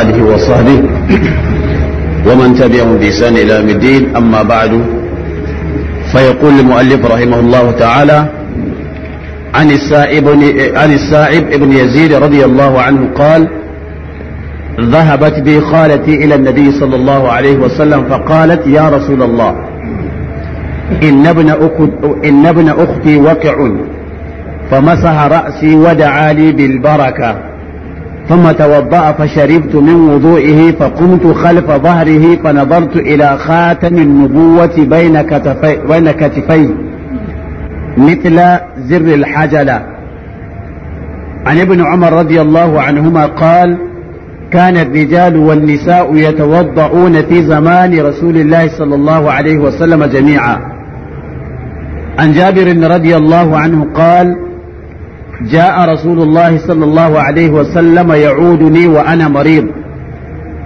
آله وصحبه ومن تبعهم بإحسان إلى يوم الدين أما بعد فيقول المؤلف رحمه الله تعالى عن السائب عن السائب ابن يزيد رضي الله عنه قال ذهبت بي خالتي إلى النبي صلى الله عليه وسلم فقالت يا رسول الله إن ابن أخت إن ابن أختي وقع فمسح رأسي ودعا لي بالبركة ثم توضأ فشربت من وضوئه فقمت خلف ظهره فنظرت إلى خاتم النبوة بين كتفي بين كتفي مثل زر الحجلة عن ابن عمر رضي الله عنهما قال كان الرجال والنساء يتوضؤون في زمان رسول الله صلى الله عليه وسلم جميعا عن جابر رضي الله عنه قال جاء رسول الله صلى الله عليه وسلم يعودني وأنا مريض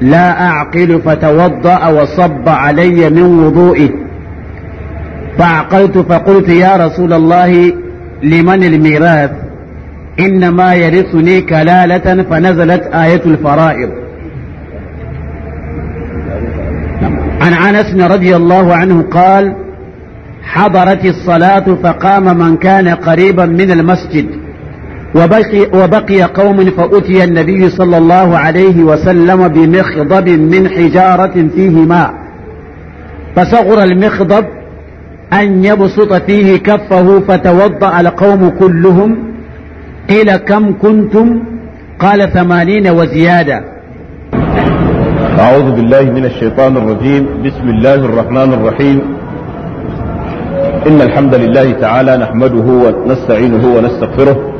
لا أعقل فتوضأ وصب علي من وضوئه فعقلت فقلت يا رسول الله لمن الميراث إنما يرثني كلالة فنزلت آية الفرائض عن أنس رضي الله عنه قال حضرت الصلاة فقام من كان قريبا من المسجد وبقي, وبقي قوم فأتي النبي صلى الله عليه وسلم بمخضب من حجارة فيه ماء فصغر المخضب أن يبسط فيه كفه فتوضأ القوم كلهم قيل كم كنتم قال ثمانين وزيادة أعوذ بالله من الشيطان الرجيم بسم الله الرحمن الرحيم إن الحمد لله تعالى نحمده ونستعينه ونستغفره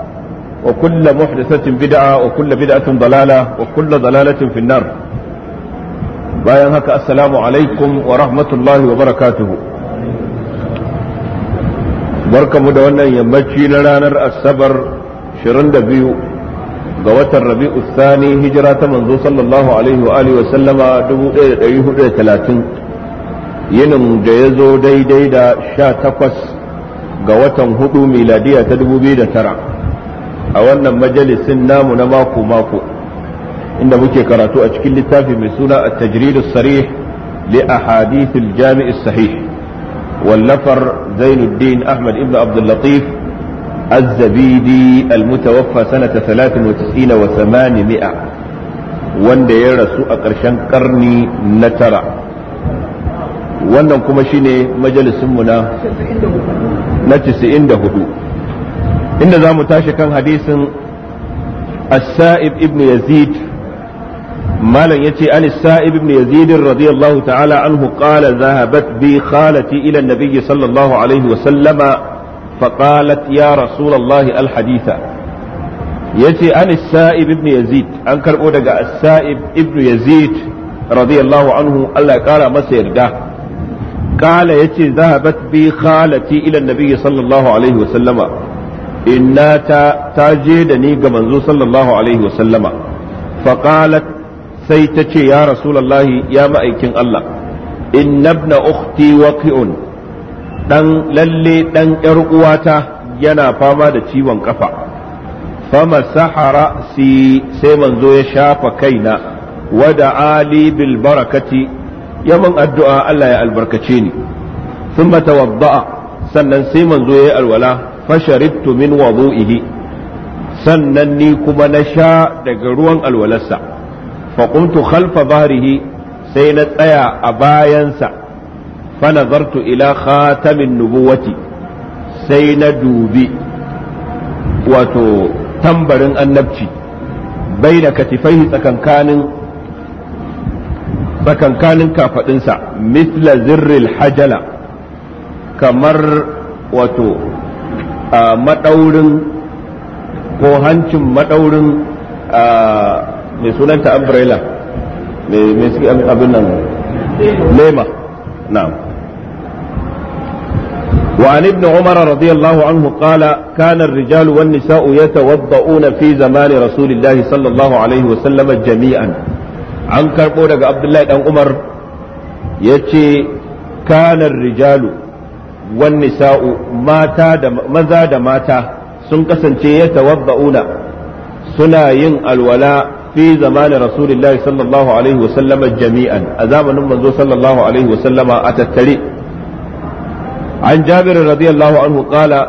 وكل محدثة بدعة وكل بدعة ضلالة وكل ضلالة في النار bayan haka assalamu alaikum wa rahmatullahi wa barakatuhu barkamu da wannan yammaci na ranar asabar 22 ga watan rabi'u thani hijira ta manzo sallallahu alaihi wa alihi wa sallama 1430 yinin da ya zo daidai da 18 ga watan hudu miladiya ta 2009 a wannan majalisin namu na mako mako inda muke karatu a cikin littafi mai suna at-tajrid as-sarih li ahadith al-jami' as-sahih wallafar Zainuddin Ahmad ibn Abd al-Latif الزبيدي المتوفى سنة ثلاث وتسعين وثمانمائة wanda ya rasu a ƙarshen ƙarni na tara wannan kuma shine majalisinmu na 94 inda za mu tashi kan hadisin as-sa'ib yazid malam yace an as-sa'ib ibn yazid radiyallahu ta'ala anhu qala zahabat bi khalati ila an-nabiy alaihi wa sallama فقالت يا رسول الله الحديث yace an sa'ib ibn yazid an karbo daga sa'ib ibn yazid radiyallahu anhu Allah ya kara masa yarda kala yace zahabat bi khalati ila nabi sallallahu alaihi wa inna ta ta je da ni ga manzo sallallahu alaihi wasallama faqalat sai ta ce ya rasulullahi ya ma'aikin Allah inna ibna ukhti waqi'un dan lalle dan yar uwata yana fama da ciwon kafa fama sahara si sai manzo ya shafa kaina wada ali bil barakati yaman addu'a Allah ya albarkace ni thumma tawadda'a sannan sai manzo ya yi alwala fasharibtu min wudu'ihi sannan ni kuma na sha daga ruwan alwalarsa fa khalfa bahrihi sai na tsaya a bayansa fana zartu ila khatamin nubuwati sai na dubi wato tambarin annabci baina katifai tsakankanin tsakankanin kafadinsa misla zirril hajala kamar wato madaurin ko hancin madaurin mai sunanta umbrella mai suke abin nan lema na'am وعن ابن عمر رضي الله عنه قال كان الرجال والنساء يتوضؤون في زمان رسول الله صلى الله عليه وسلم جميعا عن كربو عبد الله بن عمر يتي كان الرجال wan sa'u mata da maza da mata sun kasance ya tawabba'una suna yin alwala fi zamanin rasulullahi sallallahu alaihi wasallama jami'an a zamanin manzo sallallahu alaihi wasallama a tattare an jabir radiyallahu anhu qala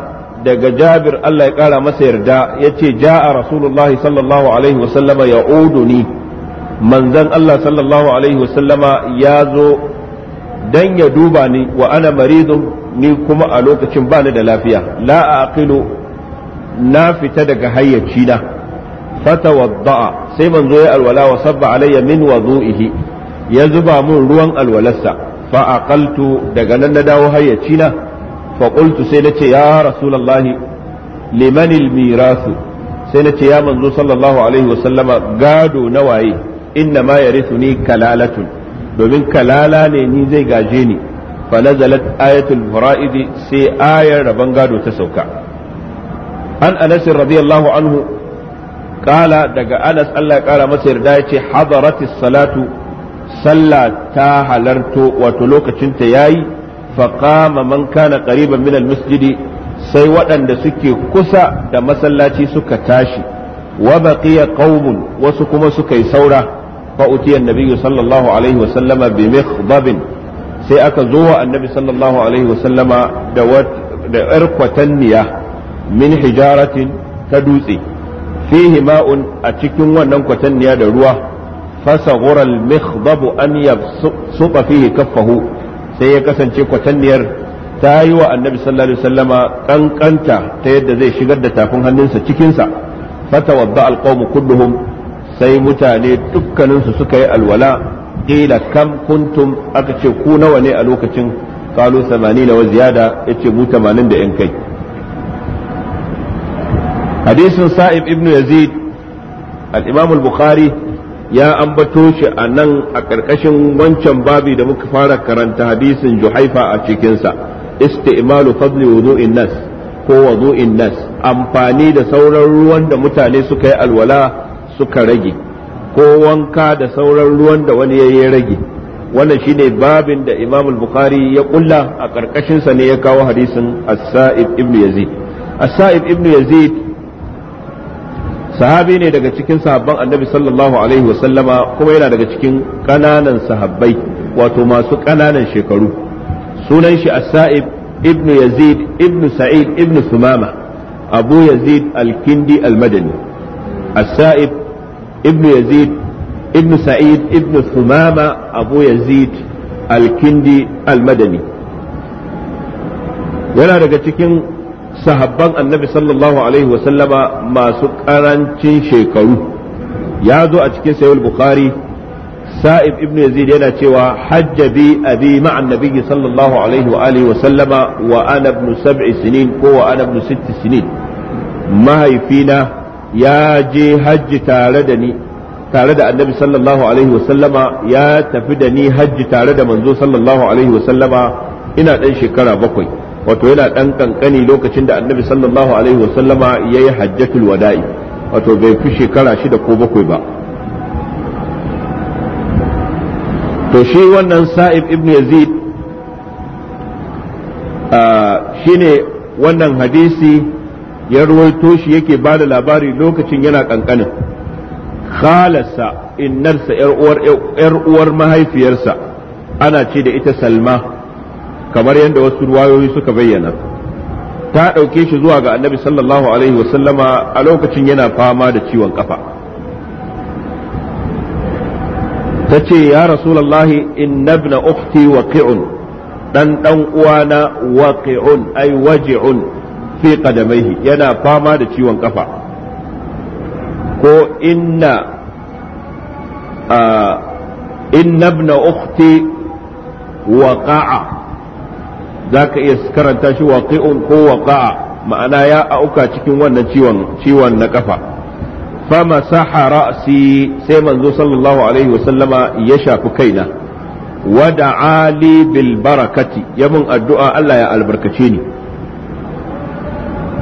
daga jabir Allah ya kara masa yarda ya ce a rasulullahi sallallahu alaihi wasallama ya ni manzan Allah sallallahu alaihi wasallama ya zo don ya duba ni wa ana maridun ni kuma a lokacin bani da lafiya la aqilu na fita daga hayyaci na fatawadda'a sai manzo ya alwala wa sabba alayya min wudu'ihi ya zuba mun ruwan alwalarsa fa aqaltu daga nan na dawo hayyaci na fa qultu sai nace ya rasulullahi liman almirasu sai nace ya manzo sallallahu alaihi wa sallama gado na waye inna ma yarithuni kalalatun domin kalala ne ni zai gaje ni falazalat ayatul fara'idi sai ayar rabon gado ta sauka an anas radiyallahu anhu kala daga anas Allah ƙara masa yarda yace hadaratis salatu sallah ta halarto wato lokacin ta yayi fa qama man kana qariban min al masjidi sai waɗanda suke kusa da masallaci suka tashi wa baqiya qaumun wasu kuma suka yi saura fa utiya nabiyyu sallallahu alaihi wa sallama bi mikhdabin sai aka zo wa annabi sallallahu alaihi wasallama da yar kwatanniya min hijaratin ta dutse fihi ma'un a cikin wannan kwatanniya da ruwa fasagura al-mikhdab an yabsuqa fihi kaffahu sai ya kasance kwatanniyar ta yi wa annabi sallallahu alaihi wasallama kankanta ta yadda zai shigar da tafin hannunsa cikinsa fatawadda wabba qawmu kulluhum sai mutane dukkaninsu suka yi alwala qila kam kuntum aka ce ku nawa ne a lokacin kalu 80 wa ziyada yace mu 80 da yan kai hadisin sa'ib ibnu yazid al-imam al-bukhari ya ambato shi a nan a ƙarƙashin wancan babi da muka fara karanta hadisin juhaifa a cikinsa isti'malu fadli wudu'in nas ko wudu'in nas amfani da sauran ruwan da mutane suka yi alwala suka rage ko wanka da sauran ruwan da wani ya rage wannan shine babin da imam bukhari ya kulla a karkashinsa ne ya kawo hadisin as-sa'ib ibn yazid as-sa'ib ibn yazid sahabi ne daga cikin sahabban annabi sallallahu alaihi wasallama kuma yana daga cikin kananan sahabbai wato masu kananan shekaru sunan shi as-sa'ib ibn yazid ibn sa'id ibn sumama abu yazid al-kindi al-madani as-sa'ib ibnu yazid ibnu sa'id ibnu thumama abu yazid al-kindi yana daga cikin sahabban annabi sallallahu masu karancin shekaru ya zo a cikin sayul bukhari sa'ib ibn yazid yana cewa hajja bi abi ma'a annabi sallallahu alaihi wa alihi wa sallama wa ana ibn sab'i ko wa mahaifina ya je hajji tare da ni tare da annabi sallallahu alaihi wasallama ya tafi da ni hajji tare da manzo sallallahu alaihi wasallama ina dan shekara bakwai wato yana dan kankani lokacin da annabi sallallahu alaihi wasallama ya yi hajjatul wada'i wato bai fi shekara shida ko bakwai ba to shi wannan sa'ib ibn yazid shine wannan hadisi ya ruwaito shi yake ba da labari lokacin yana kankanin khalasa innarsa yar uwar mahaifiyarsa ana ce da ita salma kamar yadda wasu ruwayoyi suka bayyana ta ɗauke shi zuwa ga annabi sallallahu alaihi wasallama a lokacin yana fama da ciwon kafa ta ce ya rasulallahi innabna ukhti waqi'un dan dan uwana waqi'un ay waji'un fi qadamaihi yana fama da ciwon kafa ko inna inna ibn ukhti waqa'a zaka iya karanta shi waqi'un ko waqa'a ma'ana ya auka cikin wannan ciwon ciwon na kafa fama saha ra'si sai manzo sallallahu alaihi sallama ya shafi kaina wada ali bil barakati ya mun addu'a Allah ya albarkace ni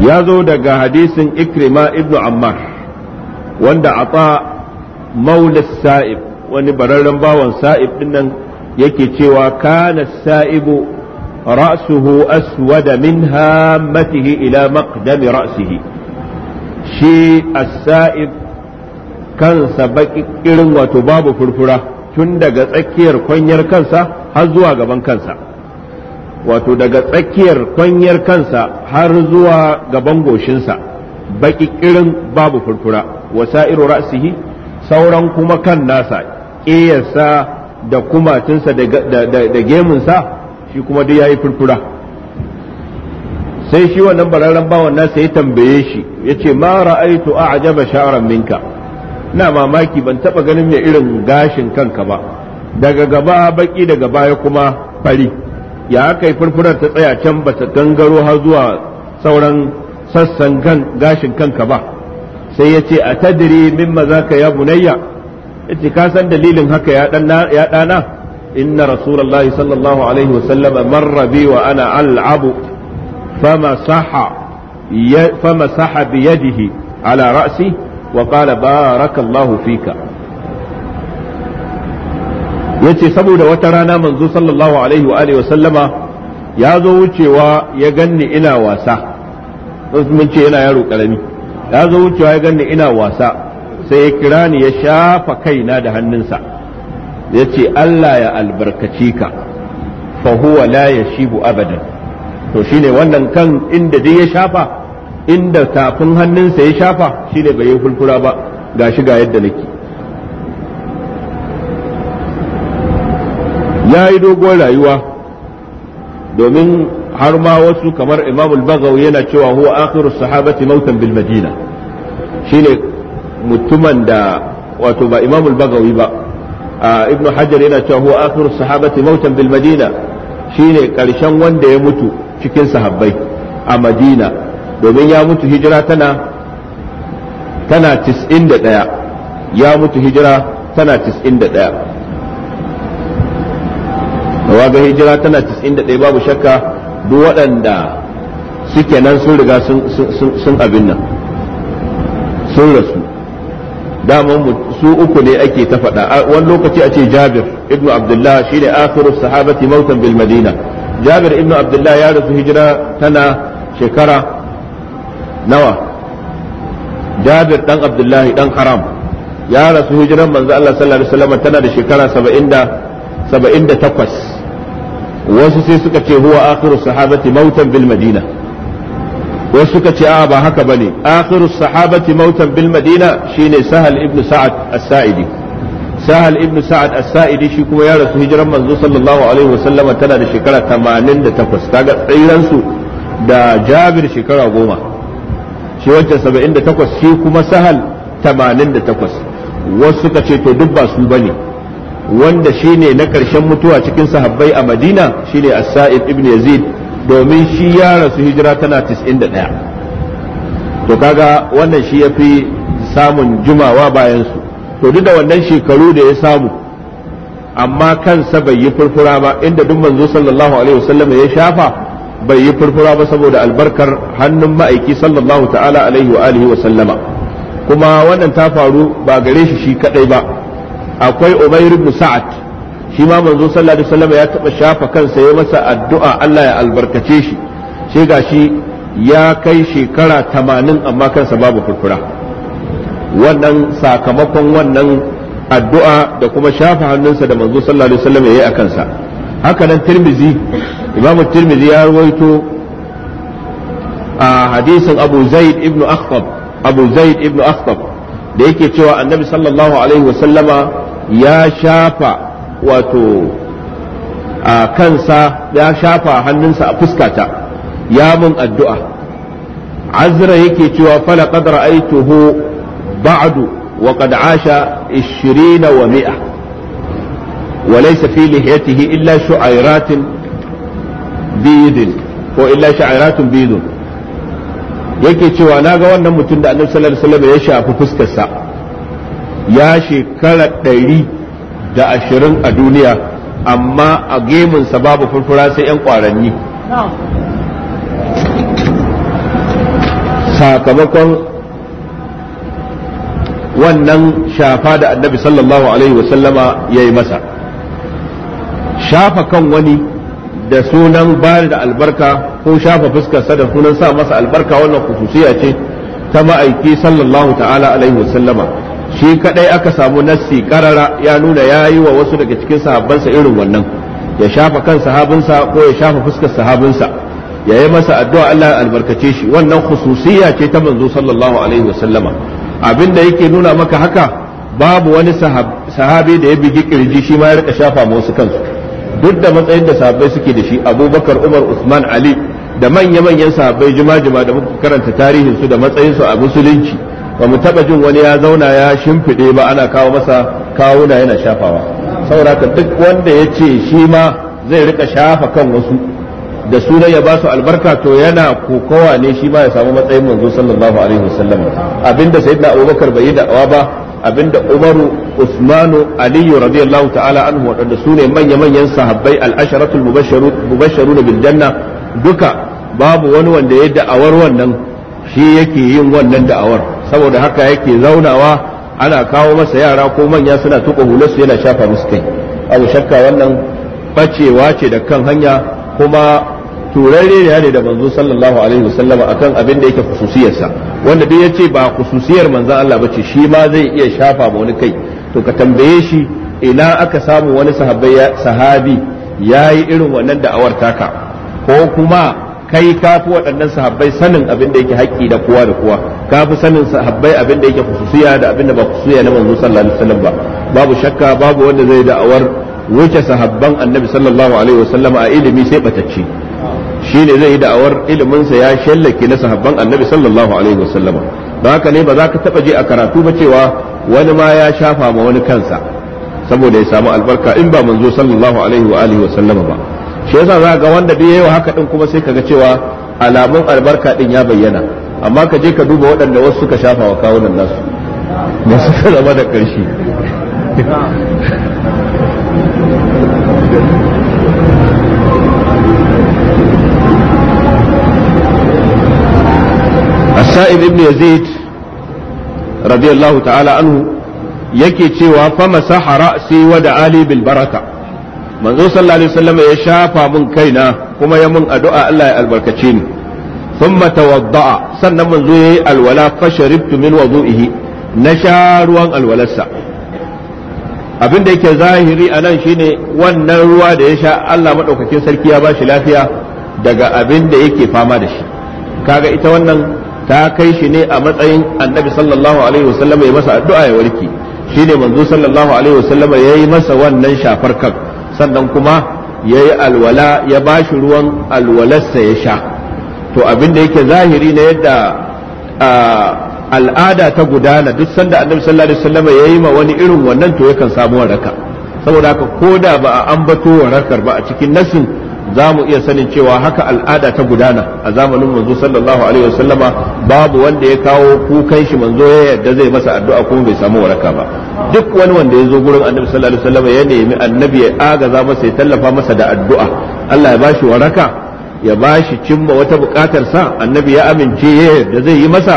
ya zo daga hadisin ikrima ibnu ammar wanda a ata maulis sa'ib wani bararren bawan sa'ib dinnan yake cewa kana sa'ibu ra'suhu aswada min hammatihi ila maqdami ra'sihi shi as-sa'ib kansa baki irin wato babu furfura tun daga tsakiyar kwanyar kansa har zuwa gaban kansa wato daga tsakiyar kwanyar kansa har zuwa gaban goshinsa baki kirin babu furfura wasa'iru ra'sihi sauran kuma kan nasa ƙeyarsa da kumatinsa da gemunsa shi kuma duk yayi furfura sai shi wannan bararren bawan nasa ya tambaye shi ya ce ma ra'aitu a'jaba sha'ran minka na mamaki ban taba ganin mai irin gashin kanka ba daga gaba baki daga baya kuma fari ya aka yi furfurar ta tsaya can ba ta gangaro har zuwa sauran sassan gashin kanka ba sai ya ce a tadiri min maza ka ya bunayya ya ka san dalilin haka ya ɗana inna rasulullahi sallallahu alaihi wasallam marra bi wa ana al'abu fama saha biyadihi ala ra'si wa qala barakallahu fika yace saboda wata rana manzo sallallahu alaihi wa alihi wa sallama ya zo wucewa ya ganni ina wasa mun ce yana yaro karami ya zo wucewa ya ganni ina wasa sai ya kira ni ya shafa kaina da hannunsa ya ce Allah ya albarkaci ka fa huwa la yashibu abadan to shine wannan kan inda dai ya shafa inda tafin hannunsa ya shafa shine bai yi fulfura ba gashi ga yadda nake ya yi dogon rayuwa domin har ma wasu kamar imamul bagaw yana cewa huwa akhiru sahabati mautan bil madina shine mutumin da wato ba imamul bagawi ba ibnu hajar yana cewa huwa akhiru sahabati mautan bil madina shine karshen wanda ya mutu cikin sahabbai a madina domin ya mutu hijira tana tana 91 ya mutu hijira tana 91 tawa ga hijira tana 91 babu shakka duk waɗanda suke nan sun riga sun abin nan sun rasu daman su uku ne ake ta faɗa wani lokaci a ce jabir ibnu abdullah ne akhiru sahabati mautan bil madina jabir ibnu abdullah ya rasu hijira tana shekara nawa jabir dan abdullahi dan haram ya rasu hijiran manzo Allah sallallahu alaihi wasallam tana da shekara 70 78 wasu sai suka ce huwa akhiru sahabati mautan bil madina wasu suka ce a ba haka bane akhiru sahabati mautan bil madina shine sahal ibn sa'ad as-sa'idi sahal ibn sa'ad as-sa'idi shi kuma ya rasu hijiran manzo sallallahu alaihi wasallam tana da shekara 88 kaga tsairan su da jabir shekara goma shi wancan 78 shi kuma sahal 88 wasu suka ce to duk ba su bane wanda shine na karshen mutuwa cikin sahabbai a madina shine as-sa'id ibn yazid domin shi ya rasu hijira tana 91 to kaga wannan shi yafi samun jumawa bayan su to duk da wannan shekaru da ya samu amma kansa bai yi furfura ba inda duk manzo sallallahu alaihi wasallam ya shafa bai yi furfura ba saboda albarkar hannun ma'aiki sallallahu ta'ala alaihi wa alihi wa sallama kuma wannan ta faru ba gare shi shi kadai ba akwai umair ibn sa'ad shi ma manzo sallallahu alaihi wasallam ya taba shafa kansa ya masa addu'a Allah ya albarkace shi sai gashi ya kai shekara tamanin amma kansa babu furfura wannan sakamakon wannan addu'a da kuma shafa hannunsa da manzo sallallahu alaihi wasallam ya yi a kansa haka nan tirmizi imam tirmizi ya rawaito a hadisin abu zaid ibn akhtab abu zaid ibn akhtab da yake cewa annabi sallallahu alaihi wasallama ya shafa wato a kansa ya shafa hannunsa a fuskata ya mun addu'a azra yake cewa fala qad ra'aytuhu ba'du wa qad asha 20 wa mi'a وليس في illa إلا شعيرات بيد وإلا شعيرات بيد yake cewa na ga wannan mutum da annabi sallallahu alaihi wasallam ya shafi fuskarsa ya shekara ɗari da ashirin a duniya amma a gemunsa babu furfura sai 'yan ƙwaranni sakamakon wannan shafa da annabi sallallahu alaihi wasallama ya yi masa shafa kan wani da sunan bari da albarka ko shafa fuskarsa da sunan sa masa albarka wannan kususiya ce ta ma'aiki sallallahu ta'ala alaihi wasallama shi kadai aka samu nassi karara ya nuna ya yi wa wasu daga cikin sahabbansa irin wannan ya shafa kan sahabinsa ko ya shafa fuskar sahabinsa ya yi masa addu'a Allah albarkace shi wannan khususiyya ce ta manzo sallallahu alaihi wa abin abinda yake nuna maka haka babu wani sahabi da ya bigi kirji shi ma ya rika shafa ma wasu kansu duk da matsayin da sahabbai suke da shi abubakar umar usman ali da manya-manyan sahabbai jima-jima da muka karanta tarihin su da matsayin su a musulunci ba mu taba jin wani ya zauna ya shimfiɗe ba ana kawo masa kawuna yana shafawa sauraka duk wanda ya ce shi ma zai rika shafa kan wasu da sunan ya ba su albarka to yana kokowa ne shi ma ya samu matsayin manzo sallallahu alaihi wasallam abinda sayyidina abubakar bai yi da'awa ba abinda umaru usmanu aliyu radiyallahu ta'ala anhu wadanda su ne manya-manyan sahabbai al-asharatul mubashshirun bil janna duka babu wani wanda ya da'awar wannan shi yake yin wannan da'awar saboda haka yake zaunawa ana kawo masa yara ko manya suna tuka hularsu yana shafa musu kai abu shakka wannan bacewa ce da kan hanya kuma turare ne da manzo sallallahu alaihi wasallama akan abin da yake khususiyarsa wanda duk yace ba khususiyar manzo Allah bace shi ma zai iya shafa ma wani kai to ka tambaye shi ina aka samu wani sahabi yayi irin wannan da'awar taka ko kuma kai ka fi waɗannan sahabbai sanin abin da yake haƙƙi da kowa da kowa ka fi sanin sahabbai abin da yake kususuya da abin da ba kususuya na manzo sallallahu alaihi wasallam ba babu shakka babu wanda zai da'awar wuce sahabban annabi sallallahu alaihi wasallam a ilimi sai batacci shine zai yi da'awar ilimin sa ya shallake na sahabban annabi sallallahu alaihi wasallam don haka ne ba za ka taba je a karatu ba cewa wani ma ya shafa ma wani kansa saboda ya samu albarka in ba manzo sallallahu alaihi wa alihi wasallam ba shi yasa za ga wanda da yayi haka din kuma sai kaga cewa alamun albarka din ya bayyana amma ka je ka duba waɗanda wasu suka shafa wa kawunan nasu da su zama da ƙarshe السائب ابن يزيد رضي الله تعالى عنه yake cewa fa masaha ra'si wa da ali manzo sallallahu alaihi wasallam ya shafa mun kaina kuma ya mun addu'a Allah ya albarkace ni thumma tawadda'a sannan manzo yayi alwala fasharibtu min wudu'ihi na sha ruwan alwalarsa abin da yake zahiri a nan shine wannan ruwa da ya sha Allah madaukakin sarki ya bashi lafiya daga abin da yake fama da shi kaga ita wannan ta kai shi ne a matsayin annabi sallallahu alaihi wasallam ya masa addu'a ya warke shine manzo sallallahu alaihi wasallam ya yi masa wannan shafar kan sannan kuma ya yi alwala ya ba shi ruwan alwalarsa ya sha to abin da yake zahiri na yadda al'ada ta gudana duk sanda annabi sallallahu alaihi wasallam ya yi ma wani irin wannan to yakan samu waraka saboda haka ko da ba a ambato warakar ba a cikin nasin za mu iya sanin cewa haka al'ada ta gudana a zamanin manzo sallallahu alaihi wasallama babu wanda ya kawo kukan shi manzo ya yarda zai masa addu'a kuma bai samu waraka ba duk wani wanda ya zo gurin annabi sallallahu alaihi wasallama ya nemi annabi ya agaza masa ya tallafa masa da addu'a Allah ya bashi waraka ya bashi cimma wata bukatar sa annabi ya amince ya yarda zai yi masa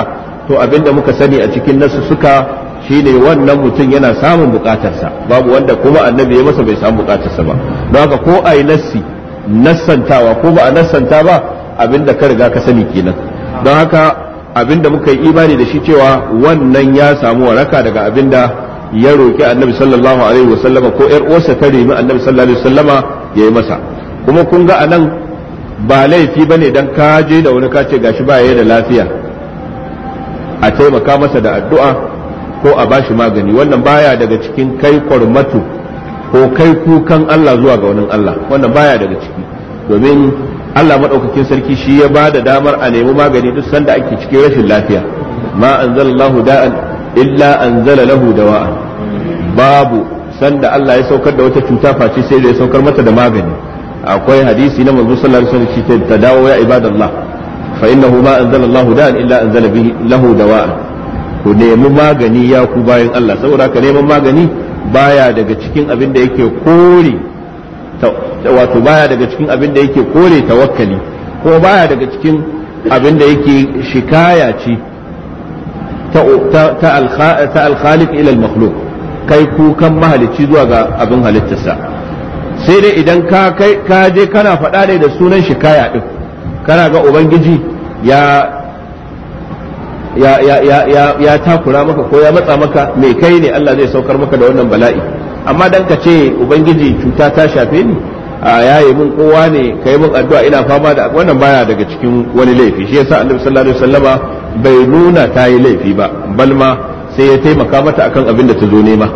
to abinda muka sani a cikin nasu suka shi ne wannan mutum yana samun bukatarsa babu wanda kuma annabi ya masa bai samu bukatarsa ba don haka ko a yi nassi Nasantawa ko ba a nasanta ba abinda ka riga ka sani kenan don haka abinda muka yi imani da shi cewa wannan ya samu waraka daga abinda ya roki annabi sallallahu alaihi wasallama ko yar uwarsa ta rimi annabi sallallahu alaihi wasallama yayi masa kuma kun ga anan ba laifi bane dan ka je da wani ka ce gashi ba yayi da lafiya a taimaka masa da addu'a ko a bashi magani wannan baya daga cikin kai kwarmatu ko kai kukan Allah zuwa ga wani Allah wannan baya daga ciki domin Allah madaukakin sarki shi ya ba da damar a nemi magani duk sanda ake cikin rashin lafiya ma anzalallahu da'an illa anzala lahu dawa'a babu sanda Allah ya saukar da wata cuta face sai da ya saukar mata da magani akwai hadisi na manzo sallallahu alaihi wasallam ta dawo ya ibadallah fa innahu ma anzalallahu da'an illa anzala bihi lahu dawa'a ku nemi magani ya ku bayan Allah saboda ka neman magani baya daga cikin abin da yake kore wato baya daga cikin abin da yake kore tawakkali ko baya daga cikin abin da yake shikaya ce ta alkhaliq ila al-makhluq kai kukan mahalicci zuwa ga abin halittarsa sai dai idan ka je kana faɗa da sunan shikaya ɗin kana ga ubangiji ya ya takura maka ko ya matsa maka mai kai ne Allah zai saukar maka da wannan bala'i amma dan ka ce ubangiji cuta ta shafe ni a yaye mun kowa ne kai mun addu'a ina fama da wannan baya daga cikin wani laifi shi yasa Annabi sallallahu alaihi wasallama bai nuna ta yi laifi ba balma sai ya taimaka mata akan abin da ta zo nema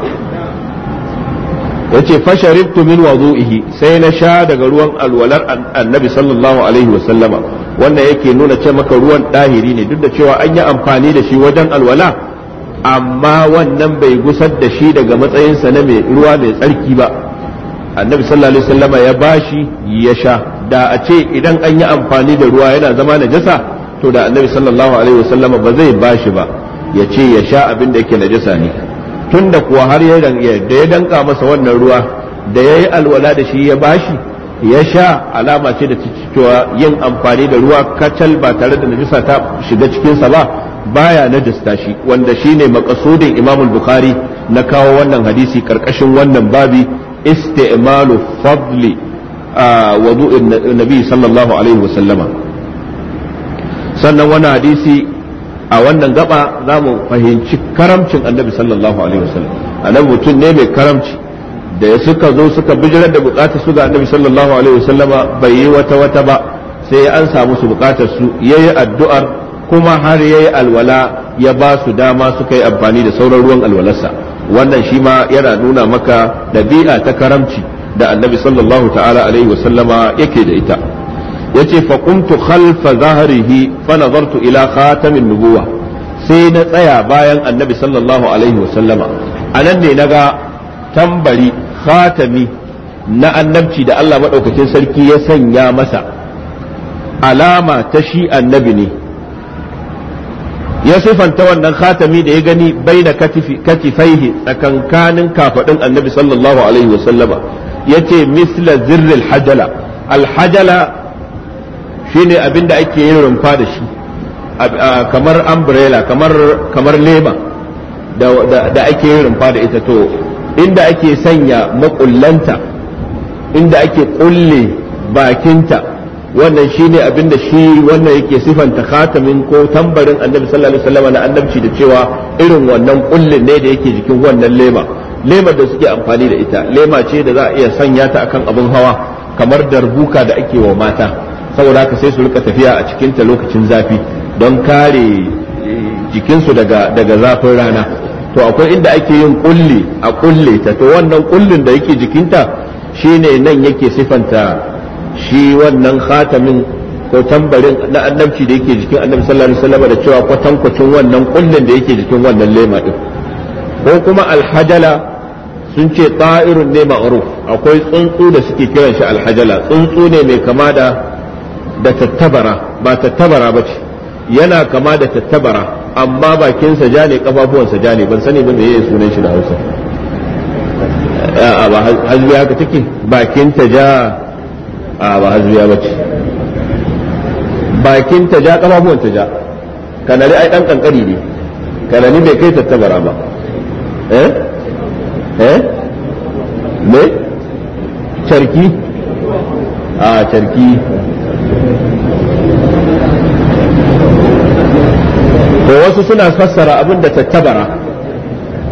yace fasharibtu min wudu'ihi sai na sha daga ruwan alwalar annabi sallallahu alaihi wasallama wannan yake nuna ce maka ruwan ɗahiri ne duk da cewa an yi amfani da shi wajen alwala amma wannan bai gusar da shi daga matsayinsa na mai ruwa mai tsarki ba annabi sallallahu alaihi wasallam ya bashi ya sha da a ce idan an yi amfani da ruwa yana zama najasa to da annabi sallallahu alaihi wasallam ba zai bashi ba ya ce ya sha abin da yake najasa ne tunda kuwa har ya danka masa wannan ruwa da yayi alwala da shi ya bashi ya sha alama ce da cewa yin amfani da ruwa kacal ba tare da najisa ta shiga cikinsa ba baya najista shi wanda shine makasudin Imam Bukhari na kawo wannan hadisi karkashin wannan babi isti'malu fadli wudu'in Nabi sallallahu alaihi wasallama sannan wannan hadisi a wannan gaba za mu fahimci karamcin Annabi sallallahu alaihi wasallam annabi mutum ne mai karamci da suka zo suka bijirar da bukatar su ga annabi sallallahu alaihi wasallama bai yi wata wata ba sai an samu su bukatar su yayi addu'ar kuma har yayi alwala ya ba su dama suka yi amfani da sauran ruwan alwalarsa wannan shi ma yana nuna maka dabi'a ta karamci da annabi sallallahu ta'ala alaihi wasallama yake da ita yace fa qumtu khalfa zahrihi fa nazartu ila khatamin nubuwa sai na tsaya bayan annabi sallallahu alaihi wasallama anan ne naga tambari khatami na annabci da Allah maɗaukacin sarki ya sanya masa alama ta shi annabi ne ya sifanta wannan khatami da ya gani bai da katifaihi tsakankanin kafaɗin annabi sallallahu alaihi wasallama ya ce misla zirril hajala alhajala shine abin da ake yin rumfa da shi kamar umbrella kamar lema da ake yin rumfa da ita to inda ake sanya makullanta inda ake kulle bakinta wannan shine abinda shi wannan yake sifanta khatamin ko tambarin annabi sallallahu alaihi wasallam na annabci da cewa irin wannan kullin ne da yake jikin wannan lema Lema da suke amfani da ita lema ce da za a iya sanya ta akan abin hawa kamar darbuka da ake wa mata saboda haka sai su rika tafiya a cikinta lokacin zafi don kare jikinsu daga daga zafin rana to akwai inda ake yin kulli a kulle ta to wannan kullin da yake jikinta shine nan yake sifanta shi wannan khatamin ko tambarin na annabci da yake jikin annabi sallallahu alaihi wasallam da cewa kwatankwacin wannan kullin da yake jikin wannan lema din ko kuma alhajala sun ce ta'irun ne ma'ruf akwai tsuntsu da suke kiran shi alhajala tsuntsu ne mai kama da da tattabara ba tattabara ba ce yana kama da tattabara amma bakinsa ja ne kafafuwansa ja ne ban sani ba me yayi sunan shi da Hausa a ba hazbiya haka take bakin ta ja a ba ya bace bakin ta ja kafafuwan ta ja kanari ai dan kankari ne kanari bai kai tattabara ba eh eh me charki a charki to wasu suna fassara abin da tattabara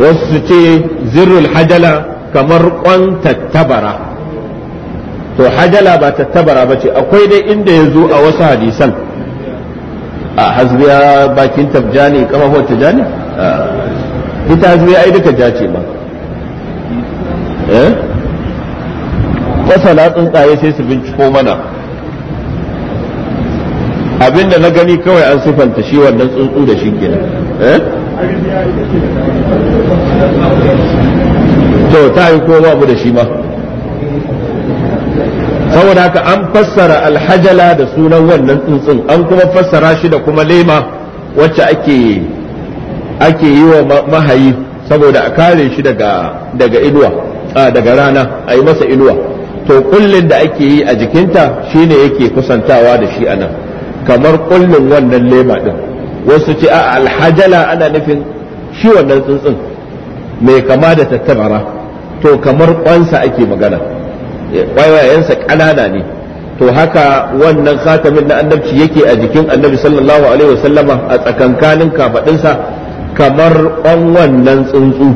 wasu su ce zirrul hajala kamar kwan tattabara to hajala ba tattabara ba ce akwai dai inda ya zo a wasu hadisan a hasbiya bakin Tabjani kama kafafuwar jani ita hasbiya ai duka jace ba kwasa eh? na tsuntsaye sai su binciko mana abinda na gani kawai an sifanta shi wannan tsuntsu da shi kenan eh? to ta yi ko babu da shi ma saboda haka an fassara alhajala da sunan wannan tsuntsun an kuma fassara shi da kuma lema wacce ake ake yi wa mahayi saboda a kare shi daga daga inuwa daga rana a yi masa inuwa to kullin da ake yi a jikinta shine yake kusantawa da shi anan kamar kullum wannan lema din wasu ce a alhajala ana nufin shi wannan tsuntsun mai kama da tattabara to kamar kwansa ake magana kwayoyayensa ƙanana ne to haka wannan khatamin na annabci yake a jikin annabi sallallahu alaihi wasallama a tsakankanin kafadinsa kamar kwan wannan tsuntsu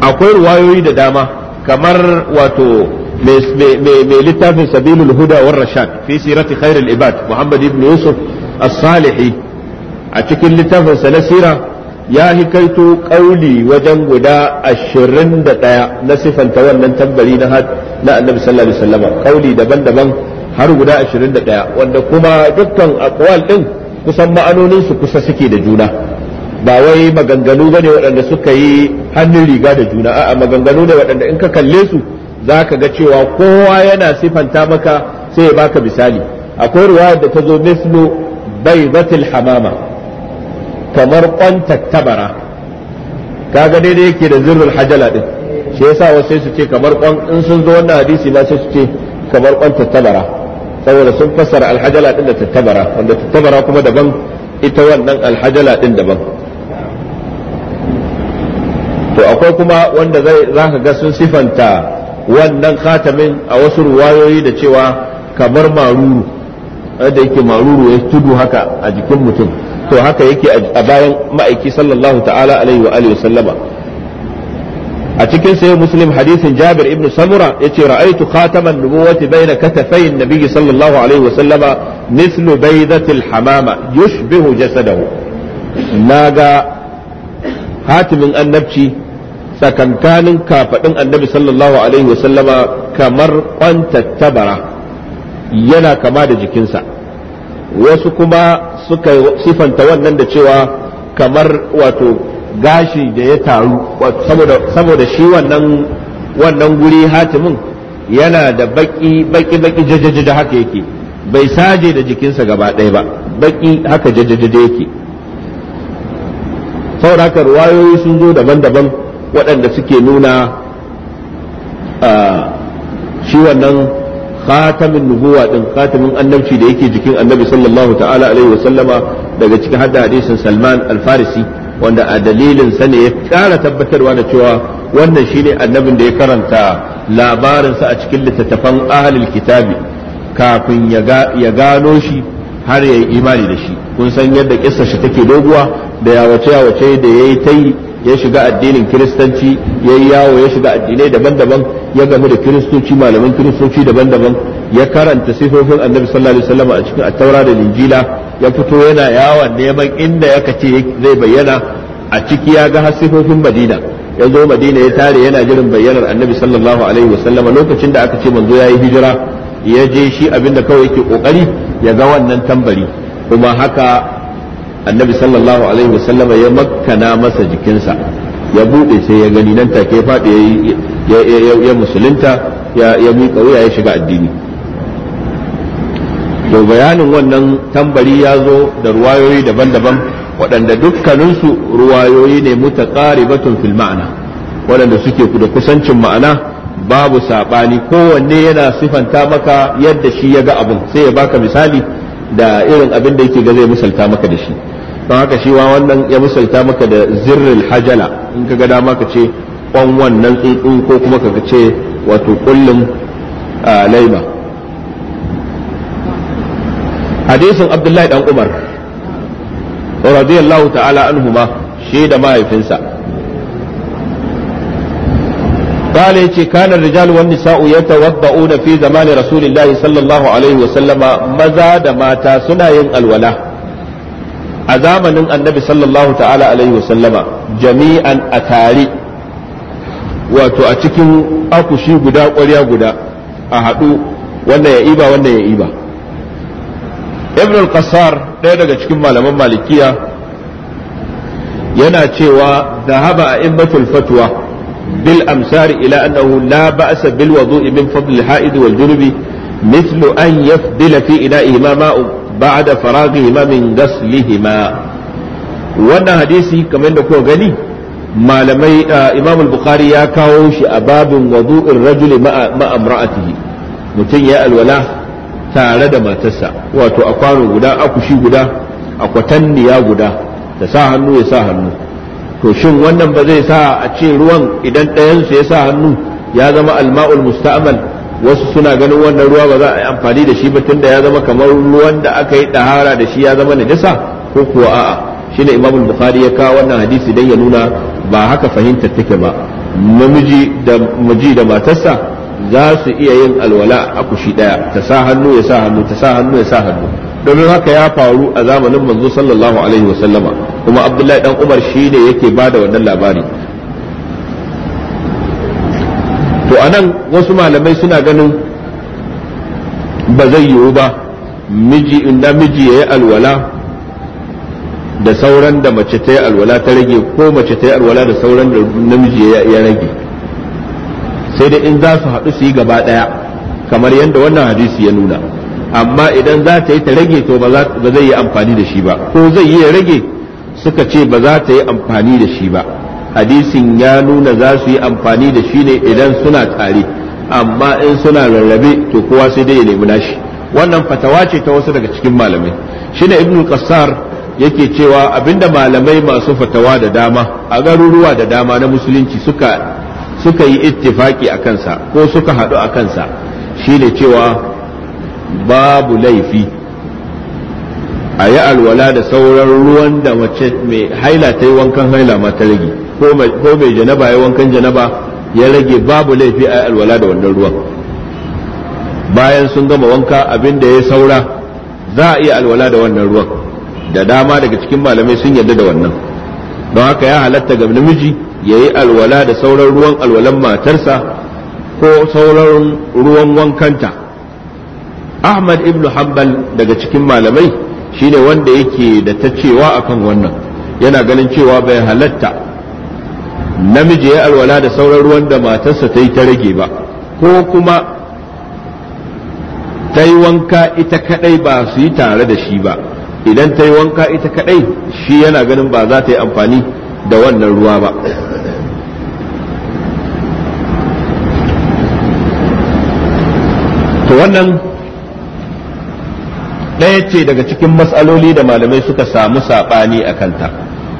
akwai ruwayoyi da dama kamar wato mai littafin sabilul huda war rashad fi sirati khairul ibad muhammad ibnu yusuf as-salihi a cikin littafin sa na sira ya hikaito kauli wajen guda 21 na sifanta wannan tambari na na sallallahu alaihi wasallam kauli daban-daban har guda 21 wanda kuma dukkan aqwal din kusan ma'anonin su kusa suke da juna ba wai maganganu bane waɗanda suka yi hannun riga da juna a'a maganganu ne waɗanda in ka kalle su za ka ga cewa kowa yana sifanta maka sai ya baka misali akwai ruwayar da ta zo mislu baibatil hamama kamar kwantar tabara kaga daidai yake da zirrul hajala din shi yasa wasu sai su ce kamar kwan in sun zo wannan hadisi ma sai su ce kamar kwan tattabara saboda sun fassara alhajala din da tattabara wanda tattabara kuma daban ita wannan alhajala din daban to akwai kuma wanda zai ka ga sun sifanta wannan khatamin a wasu ruwayoyi da cewa kamar maruru da yake maruru ya tudu haka a jikin mutum to haka yake a bayan ma'aiki sallallahu ta'ala alaihi wa alihi sallama a cikin sai muslim hadisin jabir ibn samura ya ce ra'aitu khataman nubuwati baina katafai nabi sallallahu alaihi wa sallama mislu baydatil hamama yushbihu jasadahu naga hatimin annabci tsakankanin kafaɗin annabi sallallahu alaihi wasallama kamar tabara yana kama da jikinsa wasu kuma suka sifanta wannan da cewa kamar wato gashi da ya taru saboda shi wannan wannan guri hatimin yana da baki baki baki jajajaja haka yake bai saje da jikinsa gaba ɗaya ba baki haka jajajaja yake saboda haka ruwayoyi sun zo daban-daban waɗanda suke nuna shi wannan khatamin nubuwa din khatamin annabci da yake jikin annabi sallallahu ta'ala alaihi wa sallama daga cikin hadda hadisin salman alfarisi. wanda a dalilin sa ne ya kara tabbatarwa da cewa wannan shine annabin da ya karanta labarinsa a cikin littattafan ahlul kitabi kafin ya gano shi har ya yi imani da shi kun san yadda kissa shi take doguwa da yawace yawace da yayi ta yi ya shiga addinin kiristanci ya yi yawo ya shiga addinai daban-daban ya gamu da kiristoci malaman kiristoci daban-daban ya karanta sifofin annabi sallallahu alaihi wasallam a cikin attaura da linjila ya fito yana yawon neman inda ya kace zai bayyana a ciki ya ga sifofin madina ya zo madina ya tare yana jiran bayyanar annabi sallallahu alaihi wasallama lokacin da aka ce manzo ya yi hijira ya je shi abinda kawai yake kokari ya ga wannan tambari kuma haka annabi sallallahu alaihi wasallam ya makkana masa jikinsa ya bude sai ya gani nan take faɗi ya musulunta ya miƙa wuya ya shiga addini to bayanin wannan tambari ya zo da ruwayoyi daban-daban waɗanda dukkaninsu ruwayoyi ne mutaqaribatun fil ma'ana waɗanda suke da kusancin ma'ana babu saɓani kowanne yana sifanta maka yadda shi ya ga abin sai ya baka misali da irin abin da yake ga zai misalta maka da shi don haka shi wa wannan ya misalta maka da zirril hajala in ka ga dama ka ce kwan wannan tsuntsu ko kuma ka ce wato kullum laima hadisin abdullahi dan umar radiyallahu ta'ala anhuma shi da mahaifinsa قال يتي كان الرجال والنساء يتوضؤون في زمان رسول الله صلى الله عليه وسلم ماذا دماتا سنا ين الولا a zamanin annabi sallallahu ta'ala alaihi wasallama jami'an a tare wato a cikin akushi guda ƙwarya guda a haɗu wannan ya iba wannan ya iba ibn al qasar ɗaya daga cikin malaman malikiya yana cewa haba a immatul fatwa bil amsari ila annahu la ba'sa bil wudu'i min fadl al-ha'id wal junubi mithlu an yafdila fi ina'ihi ma ma'un ba'da faraghihima min ghaslihima wannan hadisi kamar da kuka gani malamai imam al-bukhari ya kawo shi a babin wudu'in rajuli ma'a imra'atihi mutum ya alwala tare da matarsa wato a kwano guda akushi guda a kwatanniya guda ta sa hannu ya sa hannu to shin wannan ba zai sa a ce ruwan idan ɗayansu ya sa hannu ya zama alma'ul musta'mal wasu suna ganin wannan ruwa ba za a yi amfani da shi ba tunda ya zama kamar ruwan da aka yi dahara da shi ya zama najasa ko kuwa a'a shine Imam Bukhari ya kawo wannan hadisi dan ya nuna ba haka fahimtar take ba namiji da miji da matarsa za su iya yin alwala a kushi daya ta sa hannu ya sa hannu ta sa hannu ya sa hannu domin haka ya faru a zamanin manzo sallallahu alaihi wasallama kuma Abdullahi dan Umar shine yake bada wannan labari to anan wasu malamai suna ganin ba zai yiwu ba miji inda miji ya yi alwala da sauran da mace ta yi alwala ta rage ko mace ta yi alwala da sauran da namiji ya rage sai dai in za su haɗu su yi gaba ɗaya kamar yadda wannan hadisi ya nuna amma idan za ta yi ta rage to ba zai yi amfani da shi ba ko zai yi ya rage suka ce ba za ta yi amfani da shi ba hadisin ya nuna za su yi amfani da shi ne idan suna tare amma in suna rarrabe to kowa sai dai ya nemi nashi wannan fatawa ce ta wasu daga cikin malamai ne ibn qassar yake cewa abinda malamai masu fatawa da dama a garuruwa da dama na musulunci suka suka yi ittifaki a kansa ko suka haɗu a kansa shine cewa babu laifi a yi alwala da sauran ruwan da mace mai haila ta yi wankan haila ma ta rage ko mai janaba ya wankan janaba ya rage babu laifi a yi alwala da wannan ruwan bayan sun gama wanka abin da ya saura za a iya alwala da wannan ruwan da dama daga cikin malamai sun yarda da wannan don haka ya halatta ga namiji ya yi alwala da sauran ruwan alwalan matarsa ko sauran ruwan wankanta ahmad ibn hanbal daga cikin malamai shine wanda yake da ta cewa akan wannan yana ganin cewa bai halatta namiji ya alwala da sauran ruwan da matarsa ta yi ta rage ba ko kuma ta yi wanka ita kadai ba su yi tare da shi ba idan ta yi wanka ita kadai shi yana ganin ba za ta yi amfani da wannan ruwa ba wannan ɗaya ce daga cikin matsaloli da malamai suka samu saɓani a kanta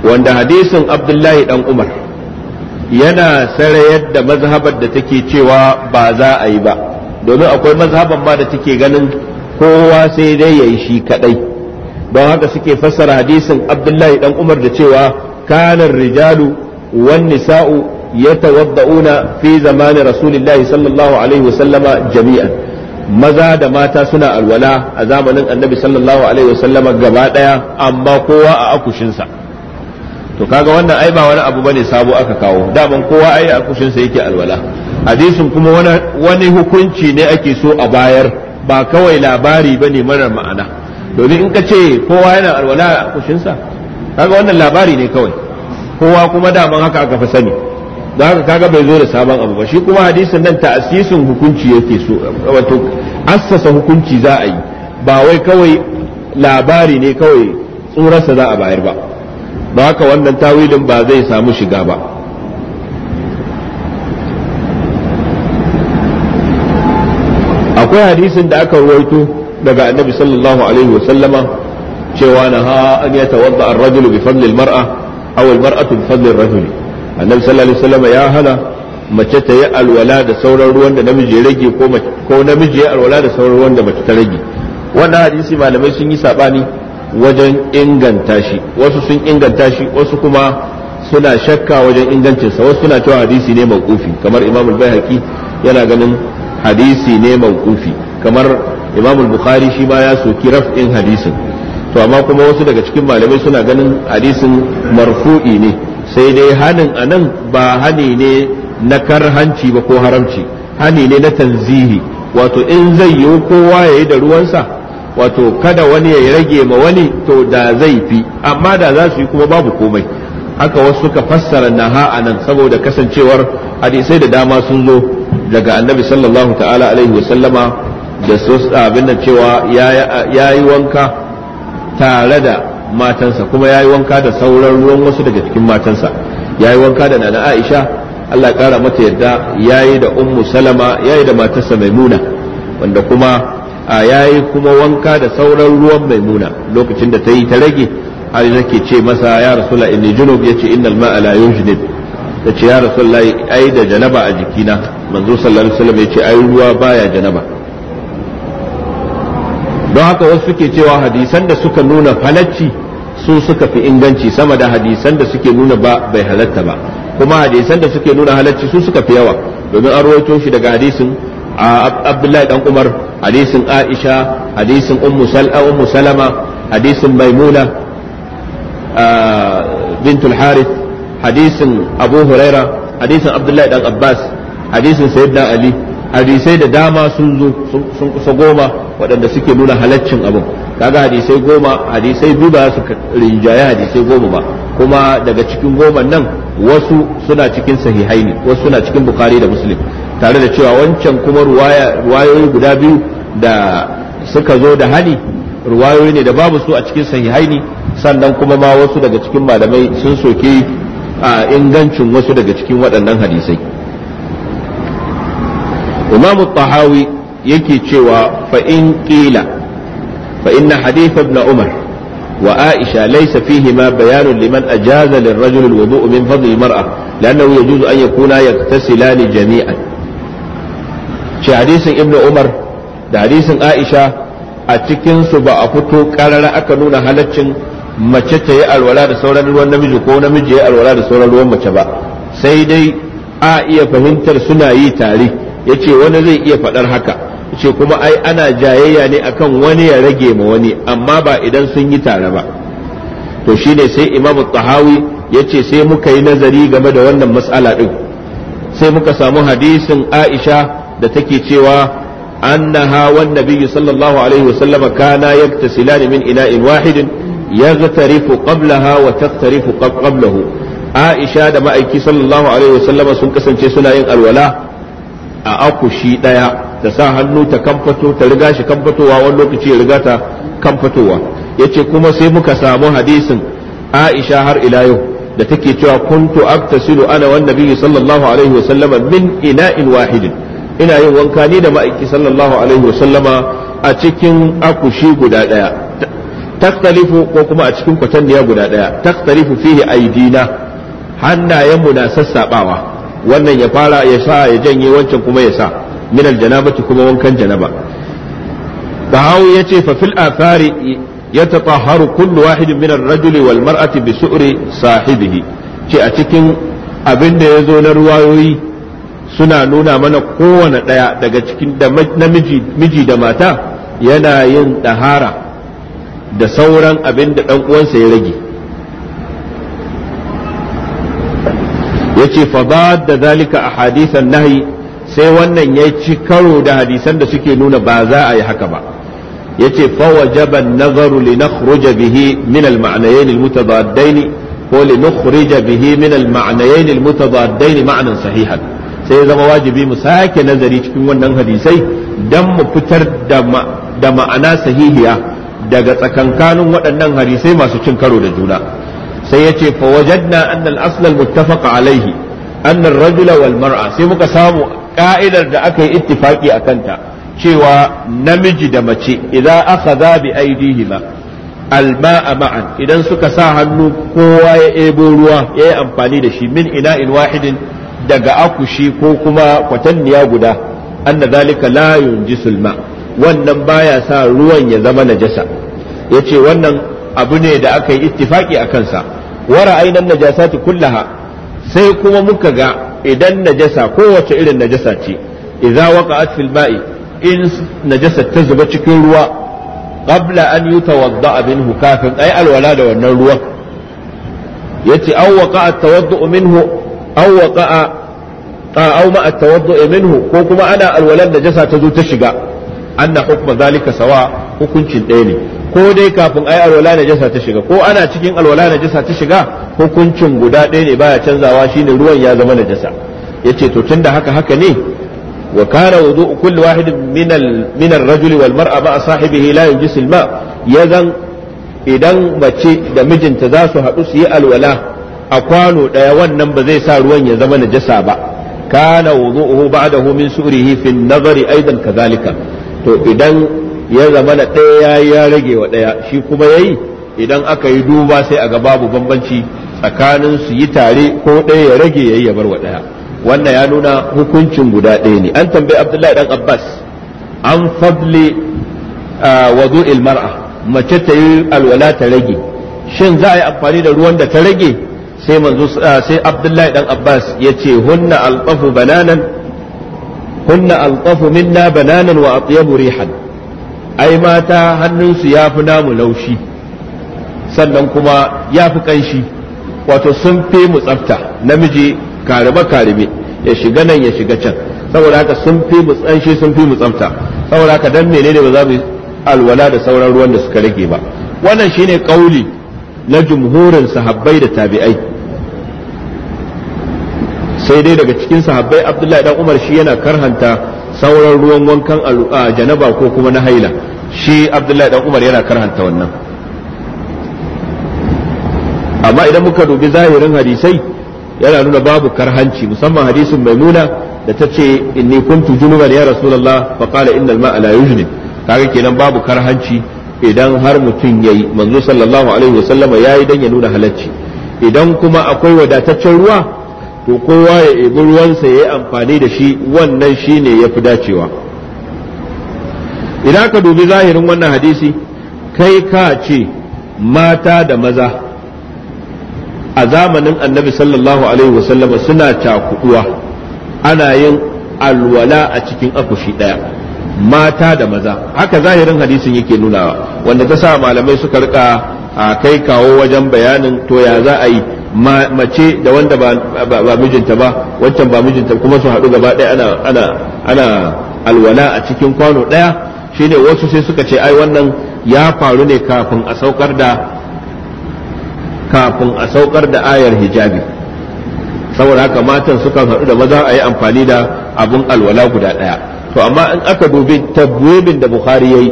wanda hadisin abdullahi ɗan umar yana sarayar da mazhabar da take cewa ba za a yi ba domin akwai mazhabar ma da take ganin kowa sai dai ya yi shi kaɗai don haka suke fassara hadisin abdullahi ɗan umar da cewa kanar rijalu wan nisa'u yatawadda'una fi zamanin rasulullahi sallallahu alaihi wasallama jami'an maza da mata suna alwala a zamanin annabi sallallahu alaihi wasallama gaba daya amma kowa a akushinsa to kaga wannan ai ba wani abu bane sabo aka kawo daman kowa ai a akushinsa yake alwala hadisin kuma wani hukunci ne ake so a bayar ba kawai labari bane marar ma'ana domin in ka ce kowa yana alwala a akushinsa kaga wannan labari ne kawai kowa kuma daman haka aka fi sani don haka kaga bai zo da sabon abu ba shi kuma hadisin nan tasisin hukunci yake so wato assasa hukunci za a yi ba wai kawai labari ne kawai tsurarsa za a bayar ba don haka wannan tawilin ba zai samu shiga ba akwai hadisin da aka ruwaito daga annabi sallallahu alaihi cewa na ha an yatawadda ar-rajulu bi fadli mara aw al-mar'atu bi fadli ar-rajuli annabi sallallahu alaihi wasallam ya hana mace ta yi alwala da sauran ruwan da namiji ya rage ko ko namiji ya alwala da sauran ruwan da mace ta rage wannan hadisi malamai sun yi sabani wajen inganta shi wasu sun inganta shi wasu kuma suna shakka wajen sa wasu suna cewa hadisi ne mawqufi kamar imam al-baihaqi yana ganin hadisi ne mawqufi kamar imam al-bukhari shi ma ya soki raf'in hadisin to amma kuma wasu daga cikin malamai suna ganin hadisin marfu'i ne sai dai hanin anan ba hani ne na karhanci ba ko haramci hani ne na tanzihi wato in zai yi kowa ya yi da ruwansa wato kada wani ya rage ma wani to da zai fi amma da za su yi kuma babu komai haka wasu suka fassara naha nan saboda kasancewar hadisai da dama sun zo daga annabi sallallahu ta'ala alaihi wasallama da su abin da cewa ya yi wanka tare da matansa kuma yayi wanka da sauran ruwan wasu daga cikin matansa yayi wanka da nana Aisha Allah ya kara mata yadda yayi da ummu Salama yayi da matarsa Maimuna wanda kuma a yayi kuma wanka da sauran ruwan Maimuna lokacin da ta yi ta rage har nake ce masa ya rasula inni junub yace innal ma'a la yujnib yace ya rasula ai da janaba a jikina manzo sallallahu alaihi wasallam yace ai ruwa baya janaba don haka wasu suke cewa hadisan da suka nuna halacci su suka fi inganci sama da hadisan da suke nuna ba bai halatta ba kuma hadisan da suke nuna halacci su suka fi yawa domin an rawaito shi daga hadisin Abdullahi dan Umar hadisin Aisha hadisin Ummu Salama Salama hadisin Maimuna bintul Harith hadisin Abu Huraira hadisin Abdullahi dan Abbas hadisin Sayyidina Ali hadisai da dama sun zo sun kusa goma waɗanda suke nuna halaccin abin kaga hadisai goma hadisai biyu ba su rinjaye hadisai goma ba kuma daga cikin goma nan wasu suna cikin sahihai ne wasu suna cikin bukhari da muslim tare da cewa wancan kuma ruwayoyi guda biyu da suka zo da hani ruwayoyi ne da babu su a cikin sahihai ne sannan kuma ma wasu daga cikin malamai sun soke a ingancin wasu daga cikin waɗannan hadisai imamu tahawi yake cewa fain ƙila فإن حديث ابن عمر وعائشة ليس فيهما بيان لمن أجاز للرجل الوضوء من فضل المرأة لأنه يجوز أن يكونا يغتسلان جميعا في حديث ابن عمر da hadisin Aisha a cikinsu ba a fito karara aka nuna halaccin mace ta yi alwala da sauran ruwan namiji ko namiji ya alwala da sauran ruwan mace ba sai dai a iya fahimtar suna yi tare yace wani zai iya faɗar haka ce kuma ai ana jayayya ne akan wani ya rage ma wani amma ba idan sun yi tare ba to shine sai imamu tahawi ya ce sai muka yi nazari game da wannan matsala ɗin sai muka samu hadisin aisha da take cewa annaha wan nabiyyu sallallahu alaihi wasallama kana yaktasilani min ina'in wahidin yaghtarifu qablaha wa taghtarifu qablahu aisha da ma'aiki sallallahu alaihi wasallama sun kasance suna yin alwala a akushi ɗaya ta sa hannu ta kamfato ta riga shi kamfatowa wani lokaci ya riga ta kamfatowa ya ce kuma sai muka samu hadisin Aisha har ila yau da take cewa kuntu abtasilu ana wan nabiyyi sallallahu alaihi wasallama min ina'in wahidin ina yin wanka ni da ma'aiki sallallahu alaihi wasallama a cikin akushi guda daya taktalifu ko kuma a cikin kwatanniya guda daya taktalifu fihi aidina mu na sassabawa wannan ya fara ya sa ya janye wancan kuma ya sa min aljanabati kuma wankan janaba tahawi yace fa fil athari yatataharu kullu wahidin min ar-rajuli wal mar'ati bi su'ri sahibihi ce a cikin abin da yazo na ruwayoyi suna nuna mana kowane ɗaya daga cikin da namiji miji da mata yana yin dahara da sauran abin da dan uwansa ya rage yace fa ba da zalika ahadithan nahyi sai wannan ya ci karo da hadisan da suke nuna ba za a yi haka ba yace fa wajaba nazaru li nakhruja bihi min al-ma'nayayn al-mutadaddain ko li nukhrija bihi min al-ma'nayayn al-mutadaddain ma'nan sahihan sai zama wajibi mu sake nazari cikin wannan hadisai dan mu fitar da ma'ana sahihiya daga tsakankanin waɗannan hadisai masu cin karo da juna sai yace fa wajadna anna al-asla al-muttafaqa alayhi anna ar-rajula wal mar'a sai muka samu ka'idar da aka yi ittifaki a kanta cewa namiji da mace idan aka zabi aidihima alma'a ma'an idan suka sa hannu kowa ya ebo ruwa ya yi amfani da shi min ina wahidin daga akushi ko kuma kwatanniya guda anna zalika la yunjisul ma wannan baya sa ruwan ya zama najasa yace wannan abu ne da aka yi ittifaki a kansa wara ainan najasati kullaha sai kuma muka ga idan najasa kowace irin najasa ce idza waqa'at fil ba'i in najasa ta zuba cikin ruwa qabla an yutawadda minhu kafin ay alwala da wannan ruwan yace aw waqa'a tawaddu minhu aw waqa'a aw ma tawaddu minhu ko kuma ana alwalar najasa ta zo ta shiga anna hukma zalika sawa hukuncin ɗaya ne ko dai kafin ai alwala najasa ta shiga ko ana cikin alwala najasa ta shiga hukuncin guda ɗaya ne baya canzawa shine ruwan ya zama najasa yace to tunda haka haka ne wa kana wudu'u kulli wahid min al min ar-rajul wal mar'a ma'a sahibihi la yujisi al-ma yazan idan mace da mijinta za su haɗu su yi alwala a kwano ɗaya wannan ba zai sa ruwan ya zama najasa ba kana wudu'uhu ba'dahu min su'rihi fi an-nazari aidan kadhalika to idan ya zama da ɗaya ya rage wa ɗaya shi kuma yayi idan aka yi duba sai a ga babu bambanci tsakanin su yi tare ko ɗaya ya rage ya yi ya bar wa ɗaya wannan ya nuna hukuncin guda ɗaya ne an tambayi abdullahi dan abbas an fadli wazo mar'a mace ta yi alwala ta rage shin za a yi amfani da ruwan da ta rage sai abdullahi dan abbas ya ce hunna alqafu minna bananan wa atyabu rihan ai mata hannunsu ya fi namu laushi sannan kuma ya fi ƙanshi wato sun fi mu tsafta namiji karime karime ya shiga nan ya shiga can saboda haka sun fi mu tsanshi sun fi mu tsafta saboda haka dan menene ba za mu alwala da sauran ruwan da suka rage ba wannan shine kauli na jumhurin sahabbai da tabi'ai sai dai daga cikin sahabbai abdullahi dan umar shi yana karhanta sauran ruwan wankan janaba ko kuma na haila shi abdullahi dan umar yana karhanta wannan amma idan muka dubi zahirin hadisai yana nuna babu karhanci musamman hadisin maimuna da ta ce inni kuntu junuban ya rasulullah fa qala innal ma'a la yujnib kaga kenan babu karhanci idan har mutum yayi manzo sallallahu alaihi wasallama yayi dan ya nuna halacci idan kuma akwai wadataccen ruwa to kowa ya ebi ruwansa ya yi amfani da shi wannan shi ne ya fi dacewa idan ka dubi zahirin wannan hadisi kai ka ce mata da maza a zamanin annabi sallallahu alaihi wasallama suna cakuduwa ana yin alwala a cikin akushi daya mata da maza haka zahirin hadisin yake nunawa wanda ta sa malamai suka rika a kai kawo wajen bayanin to ya za a yi mace da wanda ba mijinta ba wancan ba mijinta kuma su haɗu gaba ɗaya ana ana alwala a cikin kwano ɗaya shine wasu sai suka ce ai wannan ya faru ne kafin a saukar da kafin a saukar da ayar hijabi saboda haka matan sukan haɗu da maza a yi amfani da abin alwala guda ɗaya to amma in aka dubi tabbobin da bukhari yayi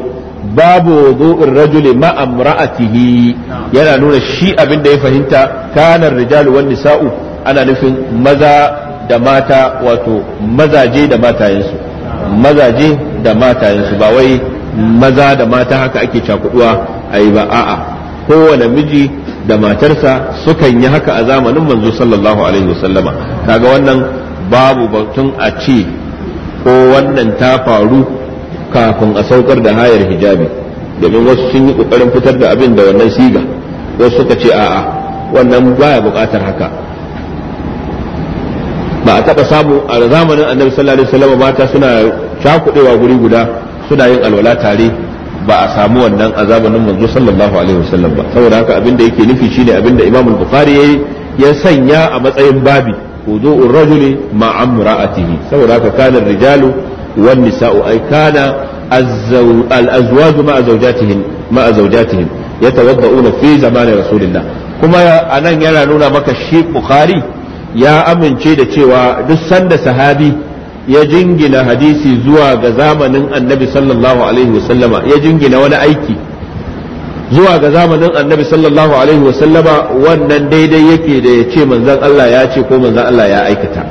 babu wudu'in rajuli ma amra'atihi yana nuna shi abin da ya fahimta kana rijalu wan nisa'u ana nufin maza da mata wato mazaje da matayensu mazaje da matayensu ba wai maza da mata haka ake cakuduwa ayi ba a'a kowane miji da matarsa sukan yi haka a zamanin manzo sallallahu alaihi wasallama kaga wannan babu batun a ce ko wannan ta faru kafin a saukar da hayar hijabi domin wasu sun yi kokarin fitar da abin da wannan siga wasu suka ce a'a wannan baya bukatar haka ba a taba samu a zamanin annabi sallallahu alaihi wasallama mata suna cakudewa guri guda suna yin alwala tare ba a samu wannan azabanin manzo sallallahu alaihi wasallam ba saboda haka abin da yake nufi shine abin da Imam Bukhari yayi ya sanya a matsayin babi wudu'ur rajuli ma'a imra'atihi saboda haka kana rijalu wan nisa'u ay kana al-azwaj ma'a zawjatihim ma'a zawjatihim yatawadda'una fi zamanin rasulillah kuma anan yana nuna maka shi Bukhari ya amince da cewa duk sanda sahabi ya jingina hadisi zuwa ga zamanin annabi sallallahu alaihi wasallama ya jingina wani aiki zuwa ga zamanin annabi sallallahu alaihi wasallama wannan daidai yake da ya ce manzan Allah ya ce ko manzan Allah ya aikata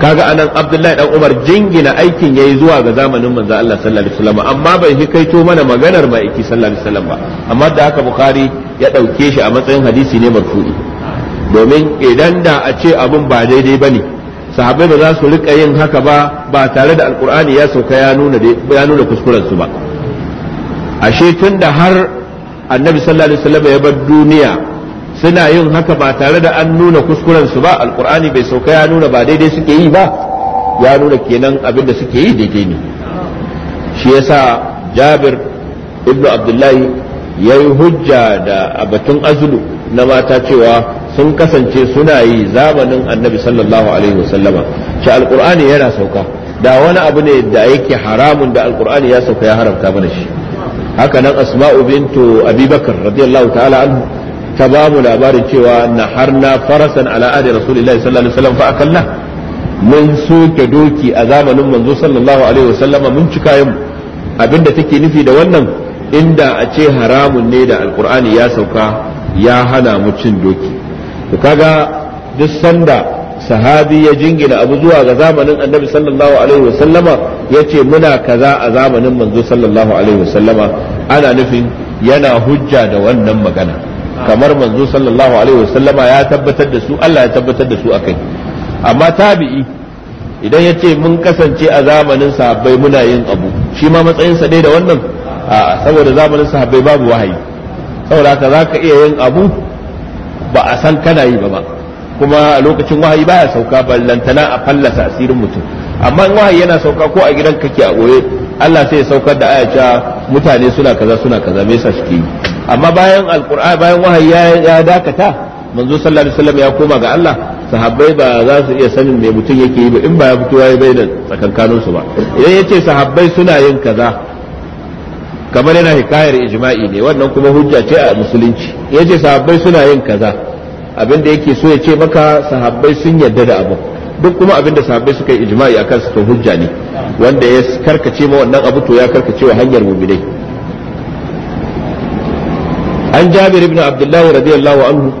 kaga anan Abdullahi dan Umar jingina aikin yayi zuwa ga zamanin manzan Allah sallallahu alaihi wasallama amma bai to mana maganar iki sallallahu alaihi wasallam ba amma da haka Bukhari ya dauke shi a matsayin hadisi ne marfu'i domin idan da a ce abun ba daidai bane sahabbai ba za su rika yin haka ba ba tare da alkur'ani ya sauka ya nuna ya ba ashe tun da har annabi sallallahu alaihi wasallam ya bar duniya suna yin haka ba tare da an nuna kuskurensu su ba alkur'ani bai sauka ya nuna ba daidai suke yi ba ya nuna kenan abin da suke yi daidai ne shi yasa jabir ibnu abdullahi yayi hujja da abatun azulu na mata cewa sun kasance suna yi zamanin annabi sallallahu alaihi wasallama shi alqur'ani yana sauka da wani abu ne da yake haramun da alqur'ani ya sauka ya haramta mana shi haka nan asma'u bintu Abibakar radiyallahu ta'ala anhu ta ba mu labarin cewa naharna farasan ala ahdi rasulillahi sallallahu alaihi wasallam fa akalna mun soke doki a zamanin manzo sallallahu alaihi wasallama mun ci kayan abinda take nufi da wannan inda a ce haramun ne da alqur'ani ya sauka ya hana mu cin doki ku kaga duk sanda sahabi ya jingina abu zuwa ga zamanin annabi sallallahu alaihi wasallama ya ce muna kaza a zamanin manzo sallallahu alaihi wasallama ana nufin yana hujja da wannan magana kamar manzo sallallahu alaihi wasallama ya tabbatar da su Allah ya tabbatar da su akai amma tabi'i idan ya ce mun kasance a zamanin sahabbai muna yin abu shi ma matsayinsa dai da wannan a saboda zamanin sahabbai babu wahayi saboda haka za ka iya yin abu ba a san kana yi ba ba kuma a lokacin wahayi baya sauka lantana a fallasa asirin mutum amma in wahayi yana sauka ko a gidan kake a goye Allah sai ya saukar da ayata mutane suna kaza suna kaza me yasa suke yi amma bayan alqur'ani bayan wahayi ya dakata manzo sallallahu alaihi wasallam ya koma ga Allah sahabbai ba za su iya sanin me mutum yake yi ba in ba ya fito ya bayyana tsakankanin su ba idan eh, yace sahabbai suna yin kaza kamar yana hikayar ijma'i ne wannan kuma hujja ce a musulunci ya ce sahabbai suna yin kaza abin da yake so ya ce maka sahabbai sun yadda da abu duk kuma abin da sahabbai suka yi ijma'i a su to hujja ne wanda ya karkace ma wannan abu to ya karkace wa hanyar mu'minai an jabir ibn abdullahi radiyallahu anhu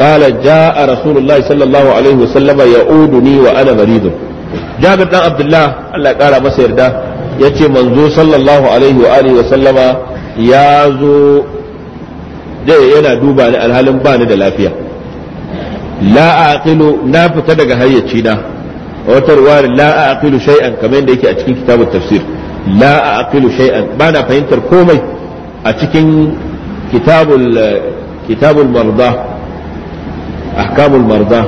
قال جاء رسول الله صلى الله عليه وسلم يعودني وانا مريض جابر بن عبد الله الله قال ما yarda. yace manzo sallallahu alaihi wa alihi wa sallama ya zo dai yana duba ni alhalin ba ni da lafiya la aqilu na fita daga hayyaci na wata ruwar la aqilu shay'an kamar yadda yake a cikin kitabut tafsir la aqilu shay'an ba na fahimtar komai a cikin kitabul kitabul marda ahkamul marda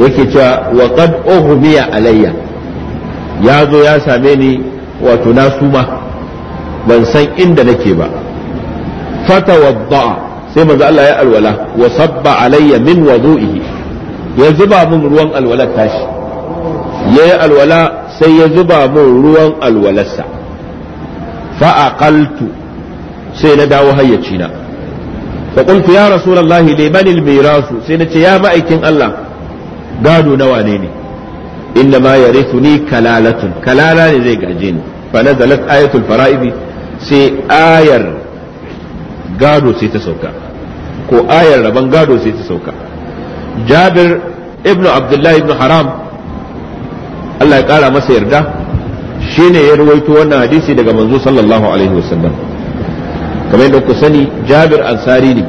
yake cewa wa qad ughmiya alayya ya zo ya same ni wato na suma ban san inda nake ba Fata fatawadda sai manzo Allah ya alwala wa sabba alayya min wudu'ihi ya zuba min ruwan alwalar tashi yayi alwala sai ya zuba min ruwan alwalarsa fa aqaltu sai na dawo hayyacina fa qultu ya rasulullahi liman almirasu sai na ce ya ma'aikin Allah gado nawa ne ne inda ma ya ni kalalatun kalala ne zai gaje ni fa nazalat ayatul fara'idi sai ayar gado sai ta sauka ko ayar rabon gado sai ta sauka jabir ibnu abdullahi ibnu haram Allah ya kara masa yarda shine ya ruwaito wannan hadisi daga manzo sallallahu alaihi wasallam kamar yadda ku sani jabir ansari ne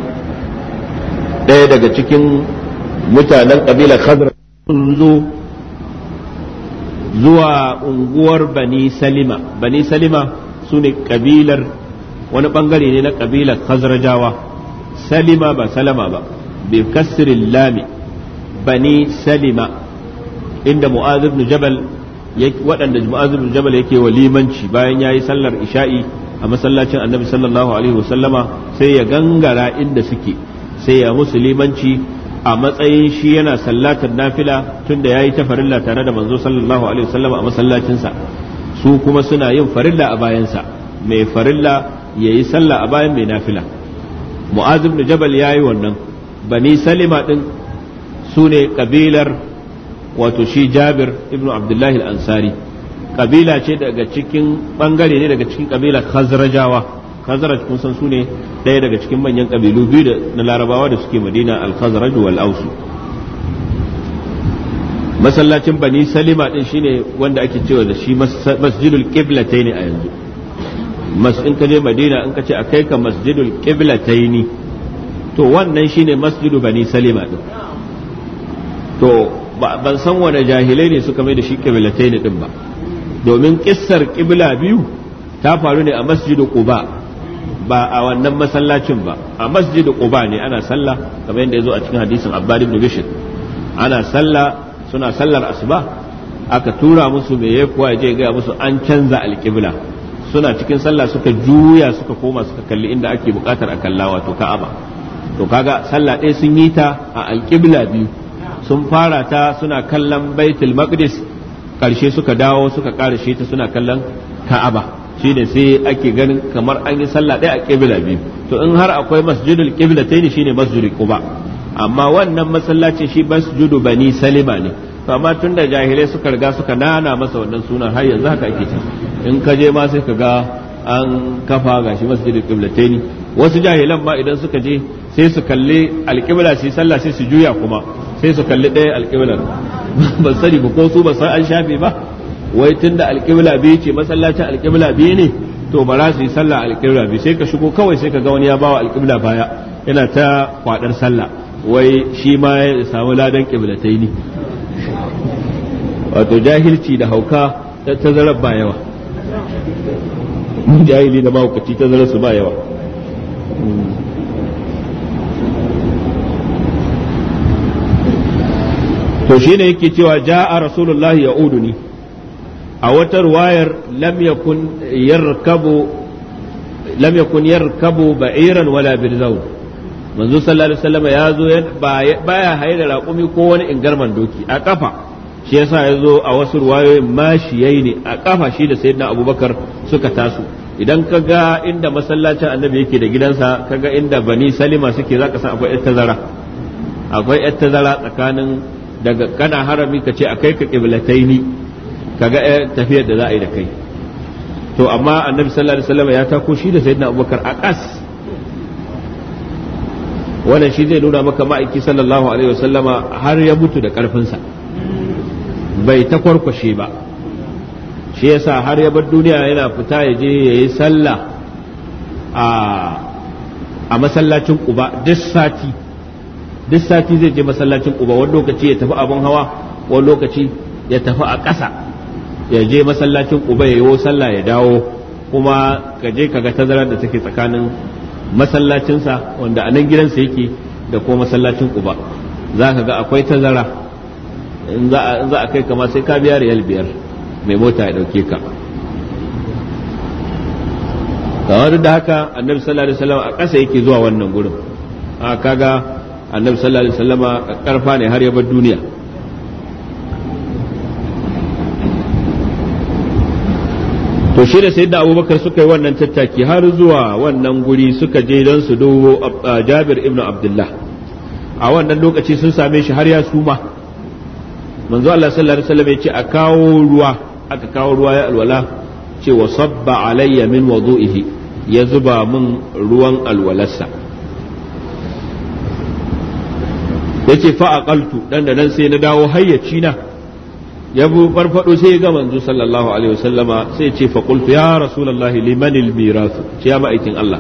ɗaya daga cikin mutanen ƙabilar khazra sun zo zuwa unguwar bani salima bani salima su ne kabilar wani bangare ne na kabilar khazrajawa salima ba salama ba bi kasirin lami bani salima inda mu'az ibn jabal waɗanda mu'az ibn jabal yake walimanci bayan yayi sallar isha'i a masallacin annabi sallallahu alaihi wasallama sai ya gangara inda suke sai ya musu limanci a matsayin shi yana sallatar nafila tunda yi ta farilla tare da manzo sallallahu alaihi wasallam a masallacinsa su kuma suna yin farilla a bayansa mai farilla yayi sallah a bayan mai nafila mu'az ibn jabal yi wannan bani salima din su ne kabilar wato shi jabir ibn abdullahi al-ansari ƙabila ce daga cikin bangare ne daga cikin ƙabilar khazrajawa khazraj kun san su ne ɗaya daga cikin manyan ƙabilu biyu na larabawa da suke madina al-khazraj wal ausu masallacin bani salima din shine wanda ake cewa da shi masjidul qiblataini a yanzu mas in ka je madina in ka ce akai ka masjidul qiblataini to wannan shine masjidu bani salima din to ban san wani jahilai ne suka mai da shi qiblataini din ba domin kissar qibla biyu ta faru ne a masjidu quba ba a wannan masallacin ba a masjid quba ne ana sallah kamar yadda yazo a cikin hadisin abbad ibn bishr ana sallah suna sallar asuba aka tura musu me yayi kuwa je ga musu an canza alqibla suna cikin sallah suka juya suka koma suka kalli inda ake bukatar a kalla wato ka'aba to kaga sallah ɗaya sun yi ta a alqibla biyu sun fara ta suna kallon baitul maqdis karshe suka dawo suka ƙara ta suna kallon ka'aba Shi ne sai ake ganin kamar an yi sallah ɗaya a ƙibla biyu to in har akwai masjidul ƙiblatain shine masjidul quba amma wannan masallaci shi masjidu bani salima ne to amma tun da jahilai suka riga suka nana masa wannan sunan har yanzu haka ake ci in ka je ma sai ka ga an kafa ga shi masjidul ƙiblatain wasu jahilan ma idan suka je sai su kalli alƙibla yi sallah sai su juya kuma sai su kalli ɗaya alƙiblar ban sani ba ko su ba san an shafe ba wai tunda alƙibla biyu ce masallacin alƙibla biyu ne to ba za su yi sallah alƙibla biyu sai ka shigo kawai sai ka ga wani ya bawa alƙibla baya yana ta kwaɗar sallah wai shi ma ya samu ladan ƙiblatai ne wato jahilci da hauka ta tazarar ba yawa jahili da mahaukaci tazarar su ba yawa to shi ne yake cewa ja'a rasulullahi ya uduni a wata ruwayar lam yakun yarkabu ba'iran wala birzaun manzo sallallahu alaihi wasallam ya zo baya haida raƙumi ko wani ingarman doki a kafa shi yasa ya zo a wasu ruwayoyin mashiyai ne a kafa shi da sayyidina abubakar suka taso idan ka ga inda masallacin annabi yake da gidansa ka ga inda bani salima suke zaka san akwai tazara akwai tazara tsakanin daga kana harami ka ce akai ka kiblataini kaga ɗaya eh, tafiyar da za a yi da kai to amma annabi sallallahu alaihi wasallam ya tako shi da sayyidina abubakar a wannan shi zai nuna maka ma'aiki sallallahu alaihi wasallama har ya mutu da ƙarfinsa bai ta kwarkwashe ba shi yasa har ya bar duniya yana fita ya je ya yi sallah a masallacin uba duk sati duk sati zai je masallacin uba wani lokaci ya tafi abin hawa wani lokaci ya tafi a ƙasa ya je masallacin uba ya yi sallah ya dawo kuma ka je kaga tazarar da take tsakanin masallacinsa wanda a nan gidansa yake da kuma masallacin uba za ka ga akwai tazara in za a kai kama sai ka biya riyal biyar mai mota ya ɗauke ka kamar da haka annabi sallallahu alaihi wasallam a ƙasa yake zuwa wannan gurin a kaga annabi sallallahu alaihi wasallam a ƙarfa ne har ya bar duniya shi da sayyidina abubakar suka yi wannan tattaki har zuwa wannan guri suka je don su dubo uh, jabir ibnu abdullah a wannan lokaci sun same shi har ya suma manzo Allah sallallahu alaihi wasallam ya ce a kawo ruwa aka kawo ruwa ya alwala ce wa sabba alayya min wudu'ihi ya zuba min ruwan alwalarsa yace fa aqaltu dan da nan sai na dawo hayyaci na ya bu farfado sai ya ga manzo sallallahu alaihi wasallama sai ce fa qultu ya rasulullahi liman mirath ce ya ma'aikin Allah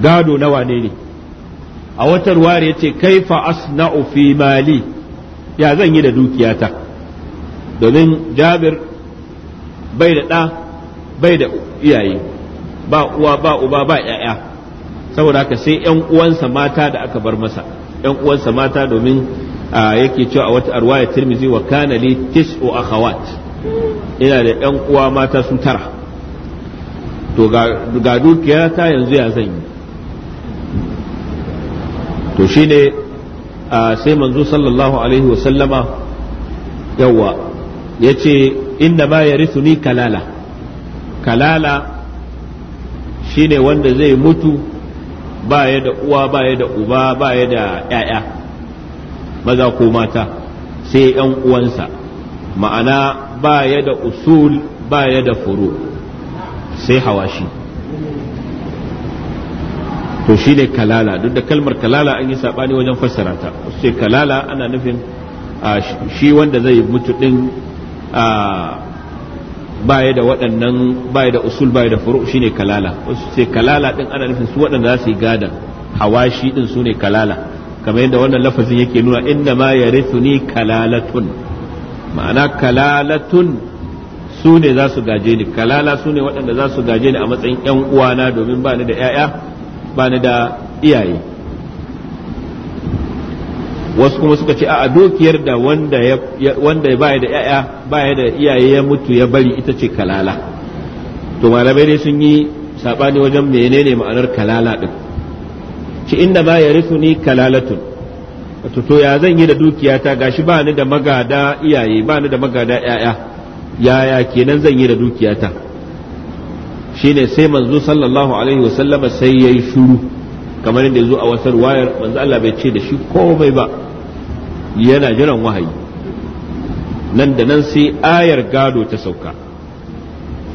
gado na wane ne a watar ware yace kaifa asna'u fi mali ya zan yi da dukiyata domin Jabir bai da da bai da iyaye ba uwa ba uba ba yaya saboda haka sai yan uwansa mata da aka bar masa yan uwansa mata domin yake cewa a wata arwaya tirmizi wa kana li tis'u akhawat ina da ɗan uwa mata su tara to ga dukiya ta yanzu ya zan yi to shine sai manzo sallallahu alaihi wa sallama yawa yace inna ma yarithuni kalala kalala shine wanda zai mutu baya da uwa baya da uba baya da 'ya'ya maza ko mata sai yan uwansa ma'ana baya da usul baya da furu sai hawashi to shi ne kalala duk da kalmar kalala an yi saɓani wajen fassara ta sai kalala ana nufin shi wanda zai mutu ba ya da waɗannan ya da usul ya da furu shine kalala wasu sai kalala din ana nufin su waɗanda za su yi gada hawashi din su ne kalala kamar yadda wannan lafazin yake nuna inda ma ya ni kalalatun ma'ana kalalatun su ne za su gaje ni kalala su ne waɗanda za su gaje ni a matsayin 'yan uwana domin ba ni da 'ya'ya ba ni da iyaye wasu kuma suka ce a dukiyar da wanda ya baya da 'ya'ya baya da iyaye ya mutu ya bari ita ce kalala to malamai ne sun yi saɓani wajen menene ma'anar kalala ɗin ci inda ma ya ni kalalatun wato to ya zan yi da dukiyata gashi ba ni da magada iyaye ba ni da magada yaya yaya kenan zan yi da dukiyata shine sai manzo sallallahu alaihi wasallama sai yayi shuru kamar yadda zo a wasar wayar manzo Allah bai ce da shi komai ba yana jiran wahayi nan da nan sai ayar gado ta sauka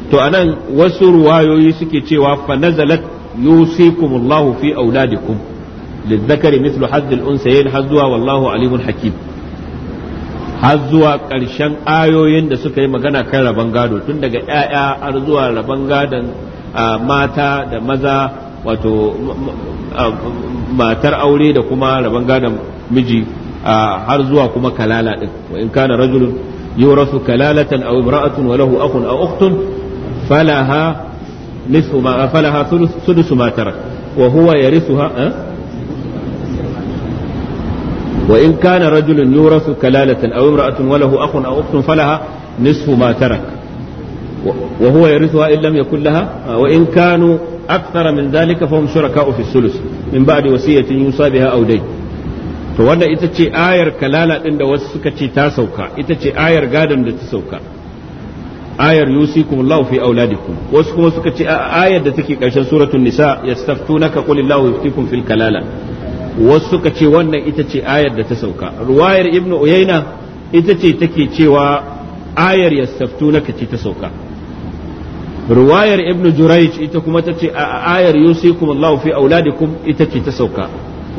to anan wasu ruwayoyi suke cewa fa nazalat yusikumullahu fi auladikum للذكر مثل حظ الأنثيين حظها والله عليم حكيم har zuwa ƙarshen ayoyin da suka yi magana kan rabon gado tun daga 'ya'ya har zuwa rabon gadon mata da maza wato matar aure da kuma rabon gadon miji har zuwa kuma kalala ɗin wa in kana rajulun yurasu kalalatan aw imra'atun wa lahu akun a ukhtun falaha nisfu ma falaha sudusu ma tarak wa huwa yarithuha eh? wa in kana rajulun yurasu kalalatan aw imra'atun wa lahu akhun aw ukhtun falaha nisfu ma tarak wa huwa yarithuha in lam yakul laha eh, wa in kanu akthara min dhalika fahum shuraka'u fi sulus min ba'di wasiyatin yusa biha aw dayn to wanda ita ce ayar kalala din da wasu suka ce ta sauka ita ce ayar gadon da ta sauka ayar yusikumullahu fi auladikum wasu kuma suka ce ayar da take karshen suratul nisa yastaftunaka qulillahu yuftikum fil kalala wasu suka ce wannan ita ce ayar da ta sauka ruwayar ibnu uyayna ita ce take cewa ayar yastaftunaka ce ta sauka ruwayar ibnu jurayj ita kuma ta ce ayar yusikumullahu fi auladikum ita ce ta sauka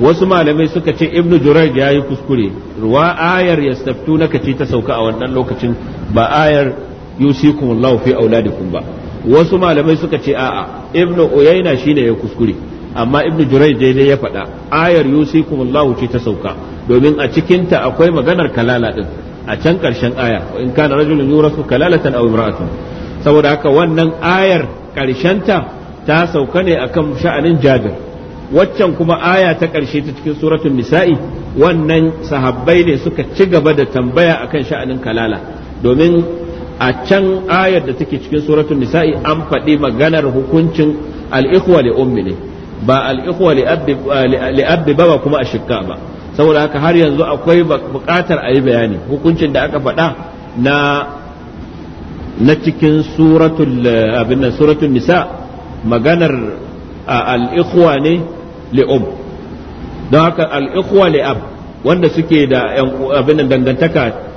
wasu malamai suka ce ibnu jurayj yayi kuskure ruwa ayar yastaftunaka ce ta sauka a wannan lokacin ba ayar yusikum Allahu fi auladikum ba wasu malamai suka ce a'a ibnu uyayna shine ya kuskure amma ibnu dai daidai ya faɗa ayar yusikum Allahu ce ta sauka domin a cikinta akwai maganar kalala din a can karshen aya in kana rajulun yurasu kalalatan aw imra'atun saboda haka wannan ayar karshenta ta sauka ne akan sha'anin jabir waccan kuma aya ta karshe ta cikin suratul nisa'i wannan sahabbai ne suka ci gaba da tambaya akan sha'anin kalala domin a can ayar da take cikin suratul nisa'i an faɗi maganar hukuncin al-ikhwa li ummi ne ba al-ikhwa li abbi ba kuma ashikka ba saboda haka har yanzu akwai buƙatar a yi bayani hukuncin da aka faɗa na na cikin suratul abinna suratul nisa maganar al-ikhwa ne li um don haka al-ikhwa li ab wanda suke da abin dangantaka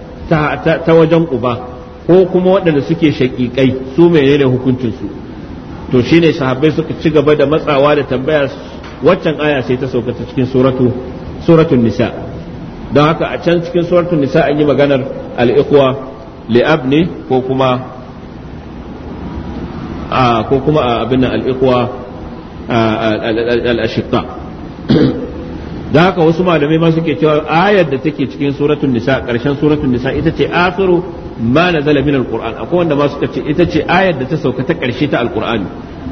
ta wajen uba ko kuma waɗanda suke shaƙiƙai su menene hukuncinsu to shine sahabbai suka ci gaba da matsawa da tambaya waccan aya sai ta sauka cikin suratu suratul nisa don haka a can cikin suratul nisa an yi maganar al-iqwa li'ab ne ko kuma a ko kuma a abin nan al-iqwa al-ashiqa da haka wasu malamai ma suke cewa ayar da take cikin suratul nisa karshen suratul nisa ita ce akhiru ma nazala min alquran akwai wanda ma suka ce ita ce ayar da ta sauka ta karshe ta alqur'ani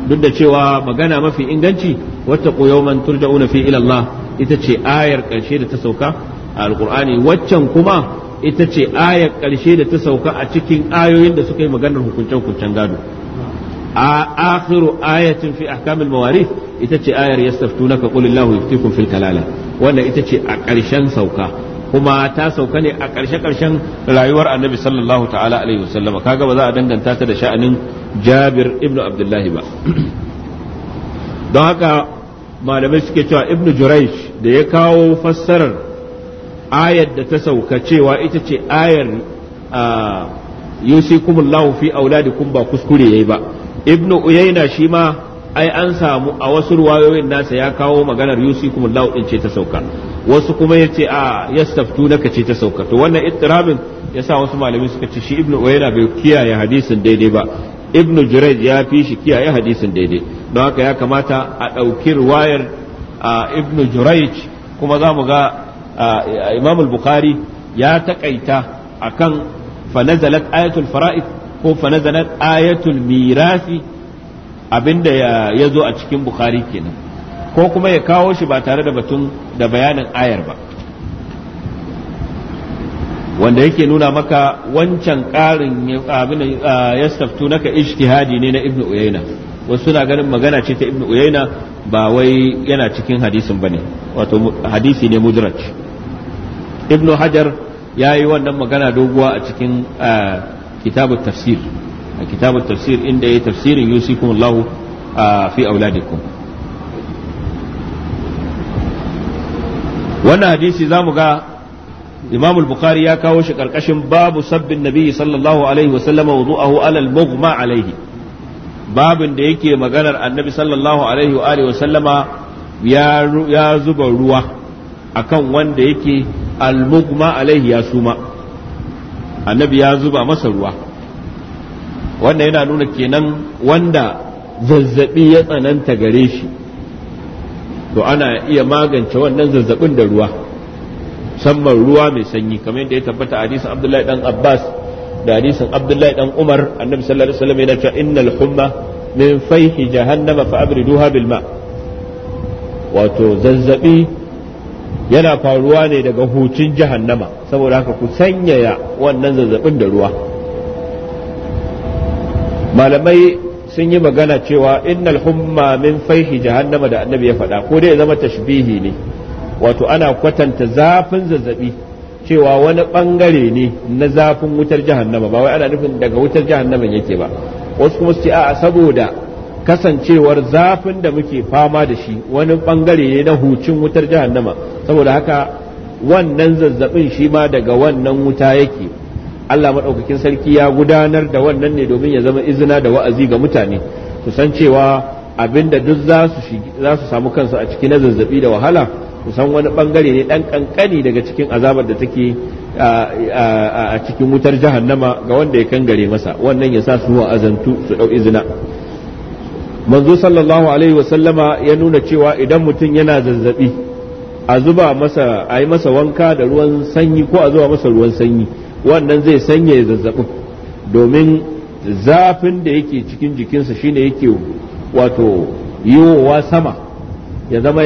duk da cewa magana mafi inganci wattaqu yawman turja'una fi ila Allah ita ce ayar karshe da ta sauka a alqur'ani waccan kuma ita ce ayar karshe da ta sauka a cikin ayoyin da suka yi maganar hukuncen hukuncen gado a akhiru ayatin fi ahkamil mawarith ita ce ayar yastaftunaka qul Allahu yuftikum fil kalala wannan ita ce a karshen sauka kuma ta sauka ne a ƙarshe ƙarshen rayuwar annabi sallallahu ta'ala alaihi wasallama kaga ba za a danganta ta da sha'anin jabir ibnu abdullahi ba don haka malamai suke cewa ibnu juraish da ya kawo fassarar ayar da ta sauka cewa ita ce ayar yusikumullahu fi auladikum ba kuskure yayi ba ibnu uyayna shi ma ai an samu a wasu ruwayoyin nasa ya kawo maganar yusikumullahu din ce ta sauka wasu kuma yace a naka ce ta sauka to wannan ittirabin yasa wasu malamai suka ce shi ibnu uwaina bai kiyaye hadisin daidai ba ibnu jurayj ya fi shi kiyaye hadisin daidai don haka ya kamata a ɗauki ruwayar ibnu jurayj kuma za mu ga imam bukhari ya taƙaita akan fanazalat ayatul fara'id ko fanazalat ayatul mirasi abinda ya zo a cikin bukhari kenan ko kuma ya kawo shi ba tare da batun da bayanin ayar ba wanda yake nuna maka wancan ƙarin abin ya staftu naka ishtihadi ne na ibn uyaina wasu na ganin magana ce ta ibn uyaina ba wai yana cikin hadisin ba ne wato hadisi ne mudraj ibn hajar ya yi wannan magana doguwa a cikin kitabu tafsir a kitabun tafsir inda yi tafsirin yusikumullahu fi auladikum wannan hadisi zamu ga Imam al-Bukhari ya kawo shi karkashin babu sabbin Nabi sallallahu alaihi wa sallama wudu'ahu alal mughma alaihi babin da yake maganar Annabi sallallahu alaihi wa alihi wa sallama ya zuba ruwa akan wanda yake al-mughma alaihi ya suma Annabi ya zuba masa ruwa wanda yana nuna kenan wanda zazzabi ya tsananta gare shi to ana iya magance wannan zazzabin da ruwa musamman ruwa mai sanyi kamar yadda ya tabbata hadisin Abdullahi dan Abbas da hadisin Abdullahi dan Umar annabi sallallahu alaihi wasallam yana cewa innal humma min fayhi jahannama fa abriduha bil ma wato zazzabi yana faruwa ne daga hucin jahannama saboda haka ku sanyaya wannan zazzabin da ruwa malamai sun yi magana cewa innal humma min faihi jahannama da annabi ya faɗa ko dai zama tashbihi ne wato ana kwatanta zafin zazzabi cewa wani bangare ne na zafin wutar jahannama ba wai ana nufin daga wutar jahannaman yake ba wasu kuma su ce a'a saboda kasancewar zafin da muke fama da shi wani bangare ne na hucin wutar jahannama saboda haka wannan zazzabin shi ma daga wannan wuta yake Allah maɗaukakin sarki ya gudanar da wannan ne domin ya zama izina da wa'azi ga mutane su san cewa abinda duk za su samu kansu a ciki na zazzabi da wahala ku san wani bangare ne ɗan ƙanƙani daga cikin azabar da take a cikin wutar jahannama ga wanda ya kangare masa wannan ya sa su wa'azantu su ɗau izina manzo sallallahu alaihi wasallama ya nuna cewa idan mutum yana zazzabi a zuba masa a masa wanka da ruwan sanyi ko a zuba masa ruwan sanyi wannan zai sanya zazzabin domin zafin da yake cikin jikinsa shine yake wato yiwowa sama ya zama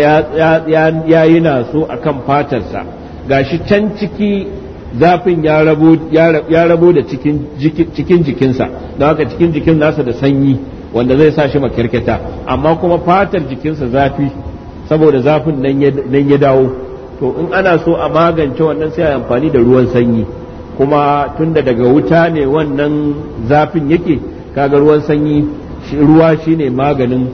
ya yi naso a kan fatarsa shi can ciki zafin ya rabo da cikin jikinsa don haka cikin jikin nasa da sanyi wanda zai sa shi makirkita amma kuma fatar jikinsa zafi saboda zafin nan ya dawo to in ana so a magance wannan sai a amfani da ruwan sanyi kuma tunda daga wuta ne wannan zafin yake kaga ruwan sanyi ruwa shine maganin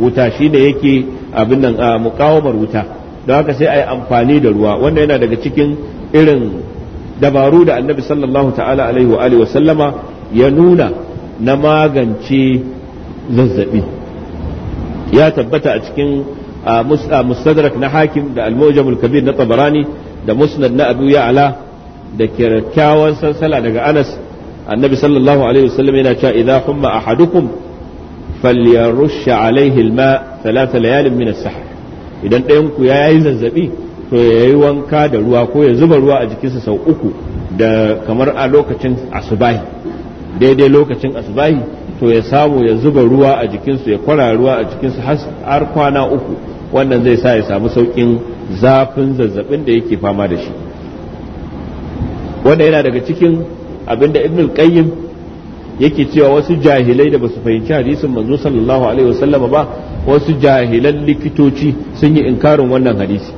wuta shine yake abin nan a mukawamar wuta don haka sai a yi amfani da ruwa wanda yana daga cikin irin dabaru da annabi sallallahu ta'ala alaihi wa alihi sallama ya nuna na magance zazzabi ya tabbata a cikin mustadrak na hakim da al kabir na tabarani da musnad na abu ala. da kyakkyawan sansala daga anas annabi sallallahu alaihi wasallam yana cewa idza humma ahadukum falyarush alaihi alma thalatha layalin min as-sahr idan ɗayan ku ya yi zazzabi to ya yi wanka da ruwa ko ya zuba ruwa a jikinsa sau uku da kamar a lokacin asubahi daidai lokacin asubahi to ya samu ya zuba ruwa a jikinsu ya kwara ruwa a jikinsu har kwana uku wannan zai sa ya samu saukin zafin zazzabin da yake fama da shi wanda yana daga cikin abinda ibn qayyim yake cewa wasu jahilai da basu fahimci hadisin manzo sallallahu alaihi wasallam ba wasu jahilan likitoci sun yi inkarin wannan hadisi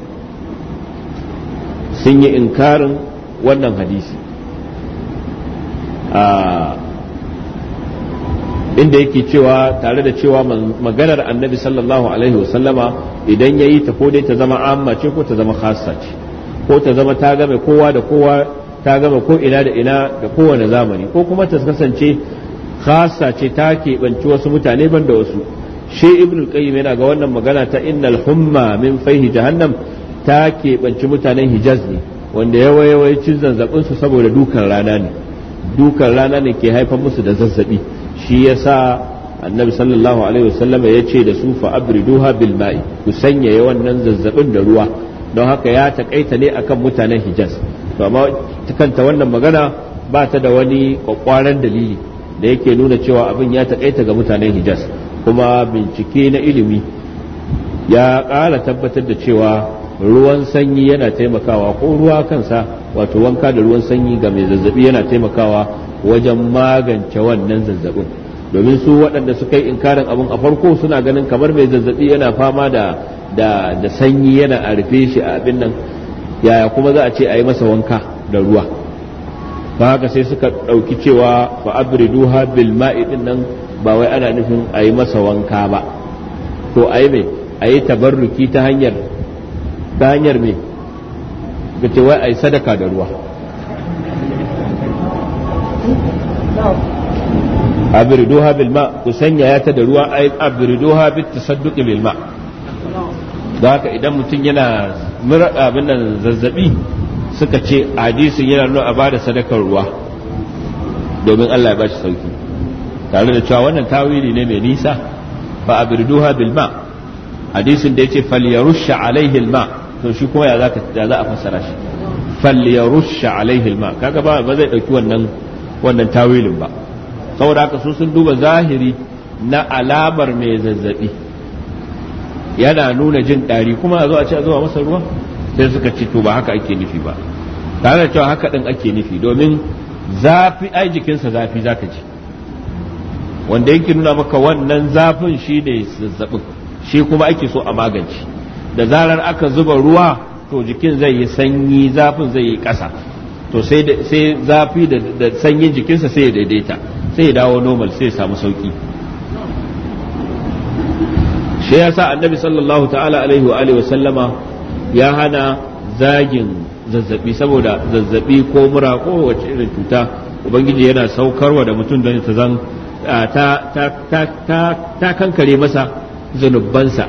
sun yi inkarin wannan hadisi ah, inda yake cewa tare da cewa maganar annabi sallallahu alaihi wasallama idan ya yi ta ko dai ta zama amma ce ko ta zama khassa ce ko ta zama ta game kowa da kowa ta gama ko ina da ina da kowane zamani ko kuma ta kasance khasa ce ta keɓanci wasu mutane ban da wasu shi ibnul qayyim yana ga wannan magana ta innal humma min fayhi jahannam ta keɓanci mutanen hijaz ne wanda yawa yawancin zanzabin su saboda dukan rana ne dukan rana ne ke haifar musu da zazzabi shi yasa annabi sallallahu alaihi wasallam ya ce da su fa abriduha bil ma'i ku sanyaya wannan zazzabin da ruwa don haka ya takaita ne akan mutanen hijaz to amma kanta wannan magana ba ta da wani kwakwaran dalili da yake nuna cewa abin ya taƙaita ga mutanen hijaz kuma bincike na ilimi ya ƙara tabbatar da cewa ruwan sanyi yana taimakawa ko ruwa kansa wato wanka da ruwan sanyi ga mai zazzabi yana taimakawa wajen magance wannan zazzabin domin su waɗanda suka yi inkarin abin a farko suna ganin kamar mai zazzabi yana fama da da sanyi yana a rufe shi a abin nan yaya kuma za a ce a yi masa wanka da ruwa ba haka sai suka ɗauki cewa fa abriduha bil ma'i din nan ba wai ana nufin a yi masa wanka ba to a yi mai a yi tabarruki ta hanyar ta hanyar mai ga ce wai a yi sadaka da ruwa abriduha bil ma ku sanya ya ta da ruwa ai abriduha bit tasadduqi bil ma da haka idan mutum yana abin nan zazzabi suka ce hadisin yana nuna a bada sadakar ruwa domin Allah ya bashi sauki tare da cewa wannan tawili ne mai nisa fa abirduha bil ma hadisin da yace yarusha alaihi al ma to shi kuma ya zaka ya za a fassara shi yarusha alaihi al ma kaga ba ba zai dauki wannan wannan tawilin ba saboda haka su sun duba zahiri na alamar mai zazzabi yana nuna jin ɗari kuma a zo a ce a zuwa masa ruwa sai suka ce to ba haka ake nufi ba tare da cewa haka ɗin ake nufi domin zafi ai jikinsa zafi zaka ji wanda yake nuna maka wannan zafin shi ne zazzabi shi kuma ake so a magance da zarar aka zuba ruwa to jikin zai yi sanyi zafin zai yi ƙasa to sai zafi da sanyin jikinsa sai ya daidaita sai ya dawo normal sai ya samu sauki shi sa annabi sallallahu ta'ala alaihi wa alihi sallama ya hana zagin zazzabi saboda zazzabi ko mura ko wace irin cuta ubangiji yana saukarwa da mutum don ta zan ta ta ta ta kankare masa zunubansa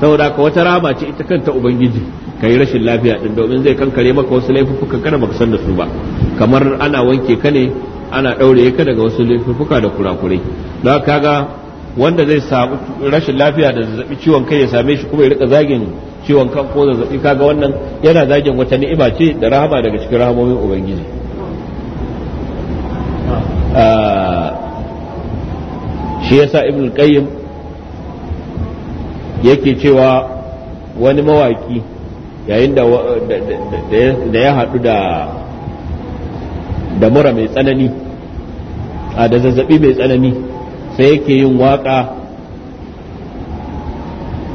saboda ka wata rama ce ita kanta ubangiji kai rashin lafiya din domin zai kankare maka wasu laifuffuka kana baka san da su ba kamar ana wanke ka ne ana ɗaure ka daga wasu laifuffuka da kurakurai don ga. wanda zai samu rashin lafiya da zazzabi ciwon kai ya same shi kuma ya rika zagin ciwon kan ko zazzabi kaga wannan yana zagin wata ni'ima ce da rahama daga cikin rahamomin ubangiji ah, shi yasa ibn qayyim yake cewa wani mawaki yayin da da ya haɗu da da mura mai tsanani a ah, da zazzabi mai tsanani sai yake yin waka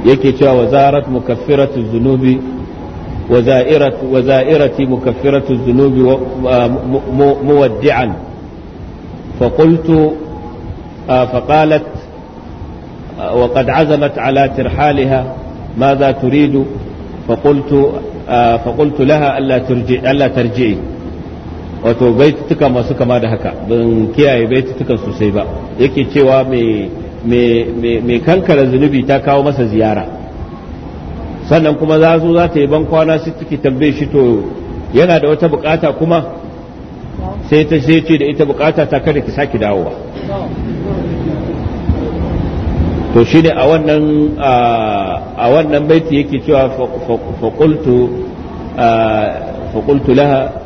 yake cewa wazarat mukaffiratu zunubi وزائرتي مكفرة الذنوب مودعا فقلت فقالت وقد عزمت على ترحالها ماذا تريد فقلت فقلت لها ألا ترجعي ألا ترجعي wato baitutuka masu kama da haka ban kiyaye baitutukan sosai ba yake cewa mai kankara zunubi ta kawo masa ziyara sannan kuma za zo za ta yi ban kwana su take tambaye shi to yana da wata bukata kuma sai ta sai ce da ita bukata ta kada ki saki dawowa to shi ne a wannan a wannan baiti yake cewa faƙultu laha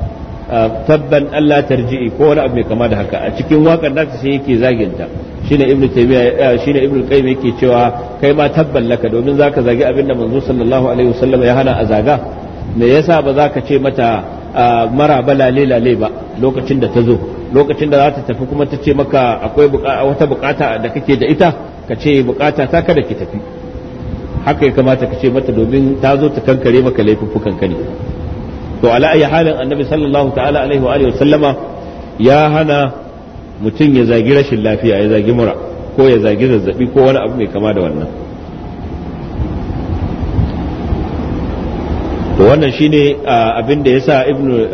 tabban Allah tarji'i ko wani abu mai kama da haka a cikin wakar ta sai yake zaginta shine ibnu taymiya shine ibnu qayyim yake cewa kai ma tabban laka domin zaka zagi abinda manzo sallallahu alaihi wasallam ya hana a zaga me yasa ba zaka ce mata mara balale lale ba lokacin da ta zo lokacin da za ta tafi kuma ta ce maka akwai wata bukata da kake da ita ka ce bukata ta kada ki tafi haka ya kamata ka ce mata domin ta zo ta kankare maka laifuffukan ka ne to ala ayi halin annabi sallallahu ta'ala alaihi wa sallama ya hana mutum ya zagi rashin lafiya ya zagi mura ko ya zagi zazzabi ko wani abu mai kama da wannan to wannan shine abin da yasa ibnu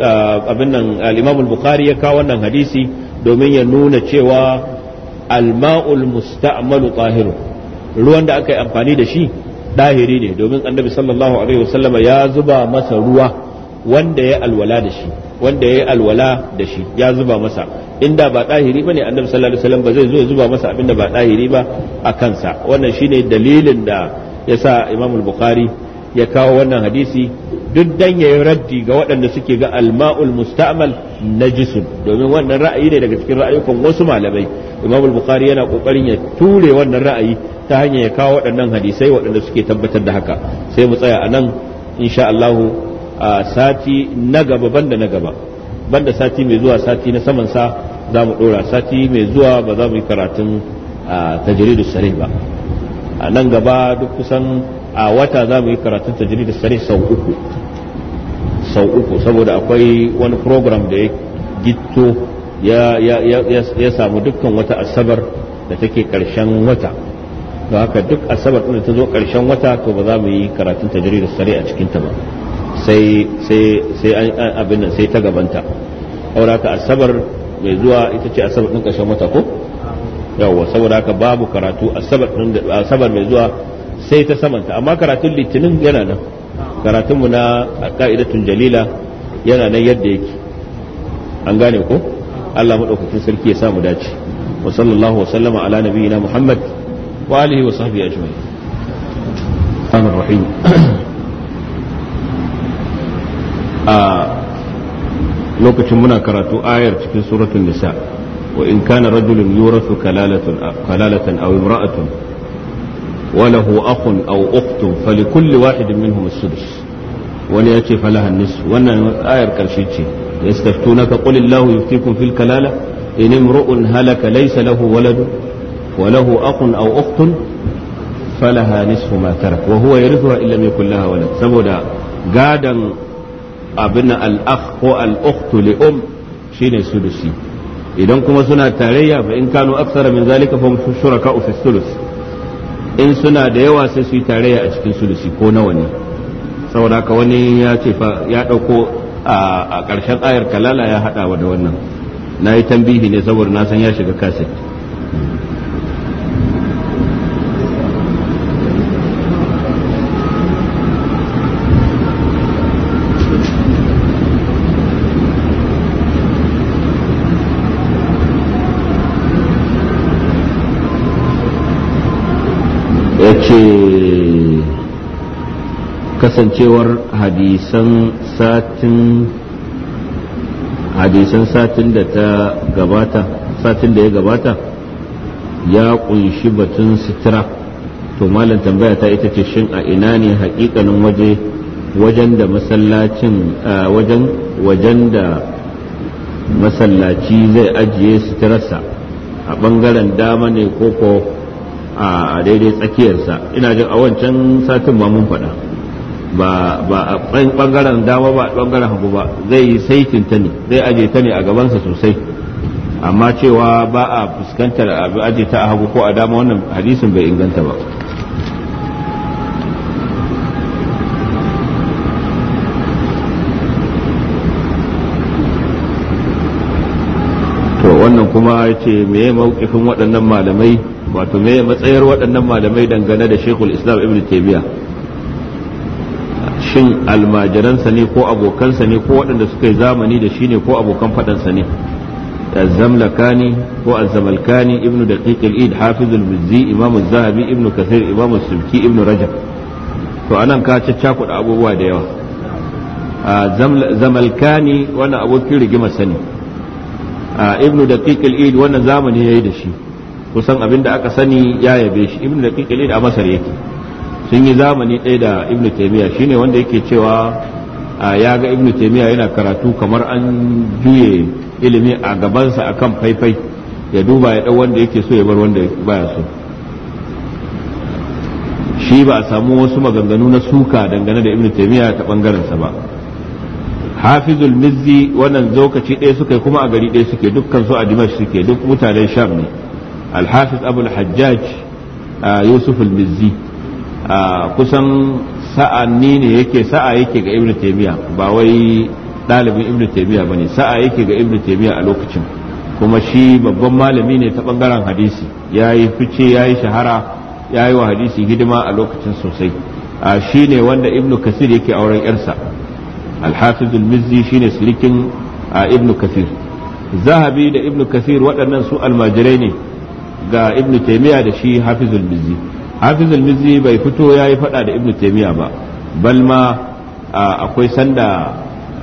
abin nan al-imam al-bukhari ya kawo wannan hadisi domin ya nuna cewa al-ma'ul musta'malu tahiru ruwan da aka yi amfani da shi dahiri ne domin annabi sallallahu alaihi wasallama ya zuba masa ruwa wanda ya alwala da shi wanda ya alwala da shi ya zuba masa inda ba ɗahiri ba ne annabi sallallahu alaihi wasallam ba zai zo ya zuba masa abinda ba ɗahiri ba a kansa wannan shine dalilin da ya sa imam bukhari ya kawo wannan hadisi duk dan yayi raddi ga waɗanda suke ga alma'ul musta'mal najisun domin wannan ra'ayi ne daga cikin ra'ayukan wasu malamai imam bukhari yana kokarin ya ture wannan ra'ayi ta hanyar ya kawo waɗannan hadisai waɗanda suke tabbatar da haka sai mu tsaya a nan insha Allah a sati na gaba banda na gaba banda sati mai zuwa sati na saman sa za mu dora sati mai zuwa ba za mu yi karatun tajridus sarih ba a nan gaba duk kusan a wata za mu yi karatun tajridus sarih sau uku sau uku saboda akwai wani program da ya gitto ya samu dukkan wata asabar da take karshen wata don haka duk asabar ɗin da ta zo karshen wata to ba za mu yi karatun tajridus sarih a cikin ta ba sai sai sai abin nan sai ta gabanta saboda ka asabar mai zuwa ita ce asabar ɗin ƙarshen wata ko yawwa saboda haka babu karatu asabar mai zuwa sai ta samanta amma karatun litinin yana nan karatunmu na ka'idatun jalila yana nan yadda yake an gane ko Allah maɗaukakin sarki ya samu dace wa sallallahu wa sallama ala nabiyina muhammad wa alihi wa sahbihi ajma'in rahim a lokacin muna karatu ayar cikin suratun nisa wa in kana rajulun yurathu kalalatan kalalatan aw imra'atun wa lahu akhun aw ukhtun falikulli wahidin minhum as-sudus wani ya ce falaha nis wannan ayar karshe ce yastaftunaka qul illahu yuftikum fil kalala in imru'un halaka laysa lahu waladun wa lahu akhun aw ukhtun falaha nisfu ma tarak wa huwa yarithuha illa lam yakul laha walad saboda gadan abin al'akh ko al'ukhtu li um shine sulusi idan kuma suna tarayya fa in kanu aksara min zalika fa shuraka fi sulus in suna da yawa sai su yi tarayya a cikin sulusi ko nawa ne saboda haka wani ya ce fa ya dauko a ƙarshen ayar kalala ya hadawa da wannan na yi tambihi ne saboda na san ya shiga kaset ce kasancewar hadisan satin da ta gabata satin da ya gabata ya kunshi batun sitira to malam tambaya ta ita ce shin a ina ne hakikanin waje wajen da masallacin wajen wajen da masallaci zai ajiye sitirarsa a bangaren dama ne koko a daidai tsakiyarsa ina jin a wancan satin ma mun faɗa ba ba a bangaren dama ba bangaren hagu ba zai yi saitin ta ne zai aje ta ne a gabansa sosai amma cewa ba a fuskantar abu aje ta a hagu ko a dama wannan hadisin bai inganta ba to wannan kuma ya ce meye maukifin waɗannan malamai wato me matsayar waɗannan malamai dangane da shekul islam ibn tabiya shin almajiransa ne ko abokansa ne ko waɗanda suka yi zamani da shi ne ko abokan faɗansa ne الزملكاني هو الزملكاني ابن دقيق الإيد حافظ المزي إمام الذهبي ابن كثير إمام السبكي ابن رجب فأنا كاتش تشاكو أبو واديو زملكاني وأنا أبو كيري جمسني ابن دقيق الإيد وأنا زامن هي دشي kusan abin da aka sani ya yabe shi ibnu daqiq al a masar yake sun yi zamani ɗaya da ibnu taymiya shine wanda yake cewa ya ga ibnu taymiya yana karatu kamar an juye ilimi a gabansa akan faifai ya duba ya dau wanda yake so ya bar wanda baya so shi ba a samu wasu maganganu na suka dangane da ibnu taymiya ta bangaren sa ba hafizul mizzi wannan zokaci ɗaya suka kuma a gari ɗaya suke dukkan su a dimash suke duk mutanen sham ne alhafiz Abulhajjaj hajjaj yusuf al-mizzi kusan sa'anni ne yake sa'a yake ga ibnu taymiya ba wai ɗalibin ibnu ba ne sa'a yake ga ibnu taymiya a lokacin kuma shi babban malami ne ta ɓangaren hadisi yayi fice yayi shahara yayi wa hadisi hidima a lokacin sosai shi ne wanda ibnu kasir yake auren yarsa alhafiz al-mizzi shine silikin ibnu kasir zahabi da ibnu kasir waɗannan su almajirai ne ga ibnu taymiya da shi hafizul mizzi hafizul mizzi bai fito yayi fada da ibnu taymiya ba balma akwai sanda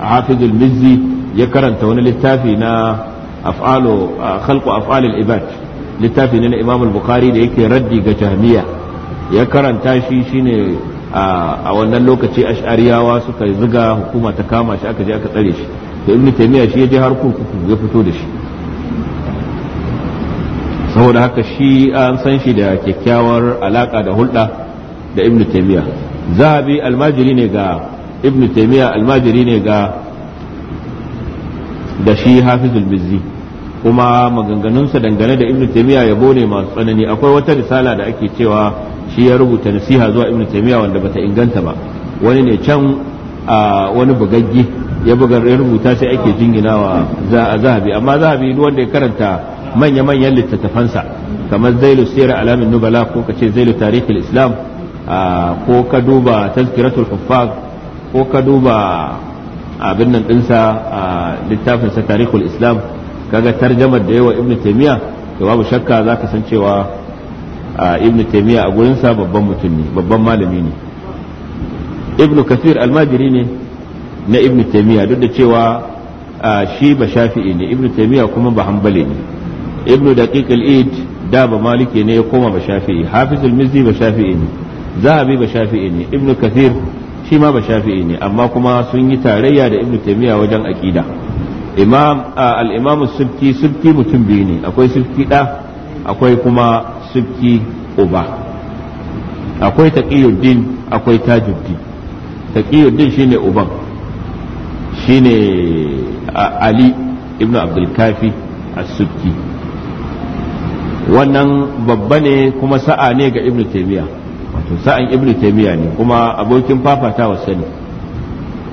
hafizul mizzi ya karanta wani littafi na af'alu khalqu af'alil ibad littafi ne na imam bukhari da yake raddi ga jahmiya ya karanta shi shine a wannan lokaci ash'ariyawa suka zuga hukuma ta kama shi aka je aka tsare shi to ibnu taymiya shi ya je har kurkuku ya fito da shi saboda haka shi an san shi da kyakkyawar alaka da hulɗa da ibnu taymiya zahabi almajiri ne ga ibnu taymiya almajiri ne ga da shi hafizul bizzi kuma maganganunsa dangane da ibnu taymiya yabo ne masu tsanani akwai wata risala da ake cewa shi ya rubuta nasiha zuwa ibnu taymiya wanda bata inganta ba wani ne can a wani bugaggi ya buga rubuta sai ake jinginawa a zahabi amma zahabi duk wanda ya karanta manya-manyan littattafansa kamar zailu sayar alamin nubala ko kace ce zailu tarihul islam ko ka duba tazkiratul huffaz ko ka duba abin nan dinsa littafin sa tarihul islam kaga tarjamar da yawa ibnu taymiya to babu shakka zaka san cewa ibnu taymiya a gurin sa babban mutum ne babban malami ne ibnu kasir almajiri ne na ibnu taymiya duk da cewa shi ba shafi'i ne ibnu taymiya kuma ba hanbali ne ibnu daqiq al-id da ba maliki ne ya koma ba shafi'i hafiz al ba shafi'i ne zahabi ba shafi'i ne ibnu kathir shima ma ba shafi'i ne amma kuma sun yi tarayya da ibnu taymiya wajen aqida imam al-imam subki subki mutum biyu ne akwai subki ɗa akwai kuma subki uba akwai taqiyuddin akwai tajuddin taqiyuddin shine uban shine ali ibnu abdul kafi as wannan babba ne kuma sa'a ne ga ibnu taymiya wato sa'an ibnu taymiya ne kuma abokin fafatawa sani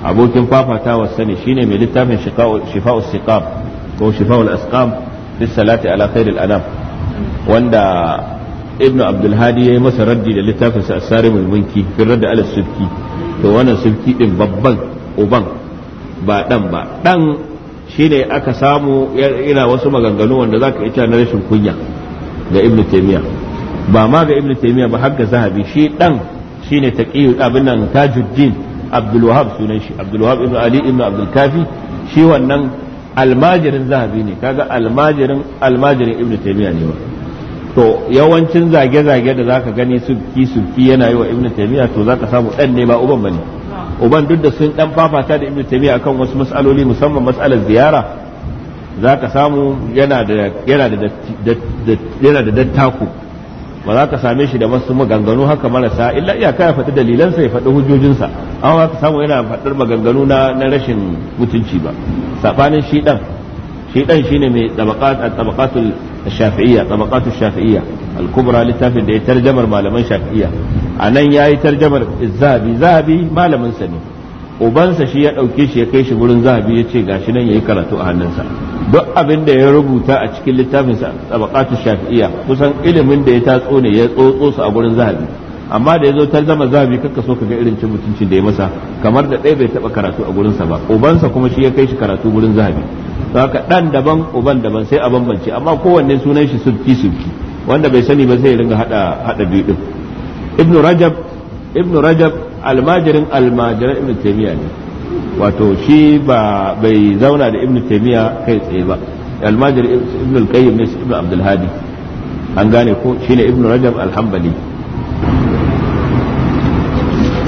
abokin fafatawa sani shine mai littafin shifa'u siqab ko al asqam fi salati ala al anam wanda ibnu abdul hadi yayi masa raddi da littafin sa asarimul munki fi radd ala sibki to wannan sibki din babban uban ba dan ba dan shine aka samu yana wasu maganganu wanda zaka ita na rashin kunya ga ibnu taymiya ba ma ga ibnu taymiya ba har zahabi shi dan shine taqiyu abin nan tajuddin abdul wahab sunan shi abdul wahab ibnu ali ibnu abdul kafi shi wannan almajirin zahabi ne kaga almajirin almajirin ibnu taymiya ne ba. to yawancin zage-zage da zaka gani su ki su ki yana yi wa ibnu taymiya to zaka samu dan ne ba uban bane uban duk da sun dan fafata da ibnu taymiya akan wasu mas'aloli musamman mas'alar ziyara za ka samu yana da dattaku ba za ka same shi da wasu maganganu haka marasa illa iyaka ya faɗi dalilansa ya faɗi hujjojinsa an za ka samu yana faɗar maganganu na rashin mutunci ba saɓanin shi ɗan shi ɗan shi ne mai tabakatul shafi'iyya tabakatul shafi'iyya al-kubra littafin da ya tarjamar malaman shafi'iyya a nan ya yi tarjamar zabi zabi malamin sa ne ubansa shi ya ɗauke shi ya kai shi gurin zahabi ya ce gashi nan ya yi karatu a hannunsa duk abin da ya rubuta a cikin littafinsa tabaqatu shafi'iya kusan ilimin da ya tatso ne ya tsotso su a gurin zahabi amma da ya zo zama zahabi kakka so ka ga irin cin mutunci da ya masa kamar da ɗaya bai taɓa karatu a sa ba ubansa kuma shi ya kai shi karatu gurin zahabi don haka ɗan daban uban daban sai a bambance amma kowanne sunan shi subki subki wanda bai sani ba zai ya ringa haɗa haɗa biyu ɗin ibnu rajab ibn rajab almajirin almajiran ibn taymiya ne wato shi ba bai zauna da ibn taymiya kai tsaye ba almajirin ibn al-qayyim ne ibn abdul hadi an gane ko shine ibn rajab alhambali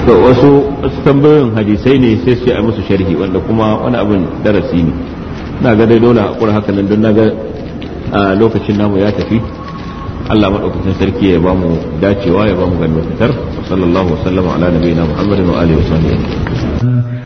to wasu wasu tambayoyin hadisai ne sai su yi musu sharhi wanda kuma wani abin darasi ne na ga dai dole a haka nan don na ga lokacin namu ya tafi Allah maɗaukacin sarki ya ba mu dacewa ya ba mu ganin fitar sallallahu wasallama ala nabiyina muhammadin wa alihi wa sahbihi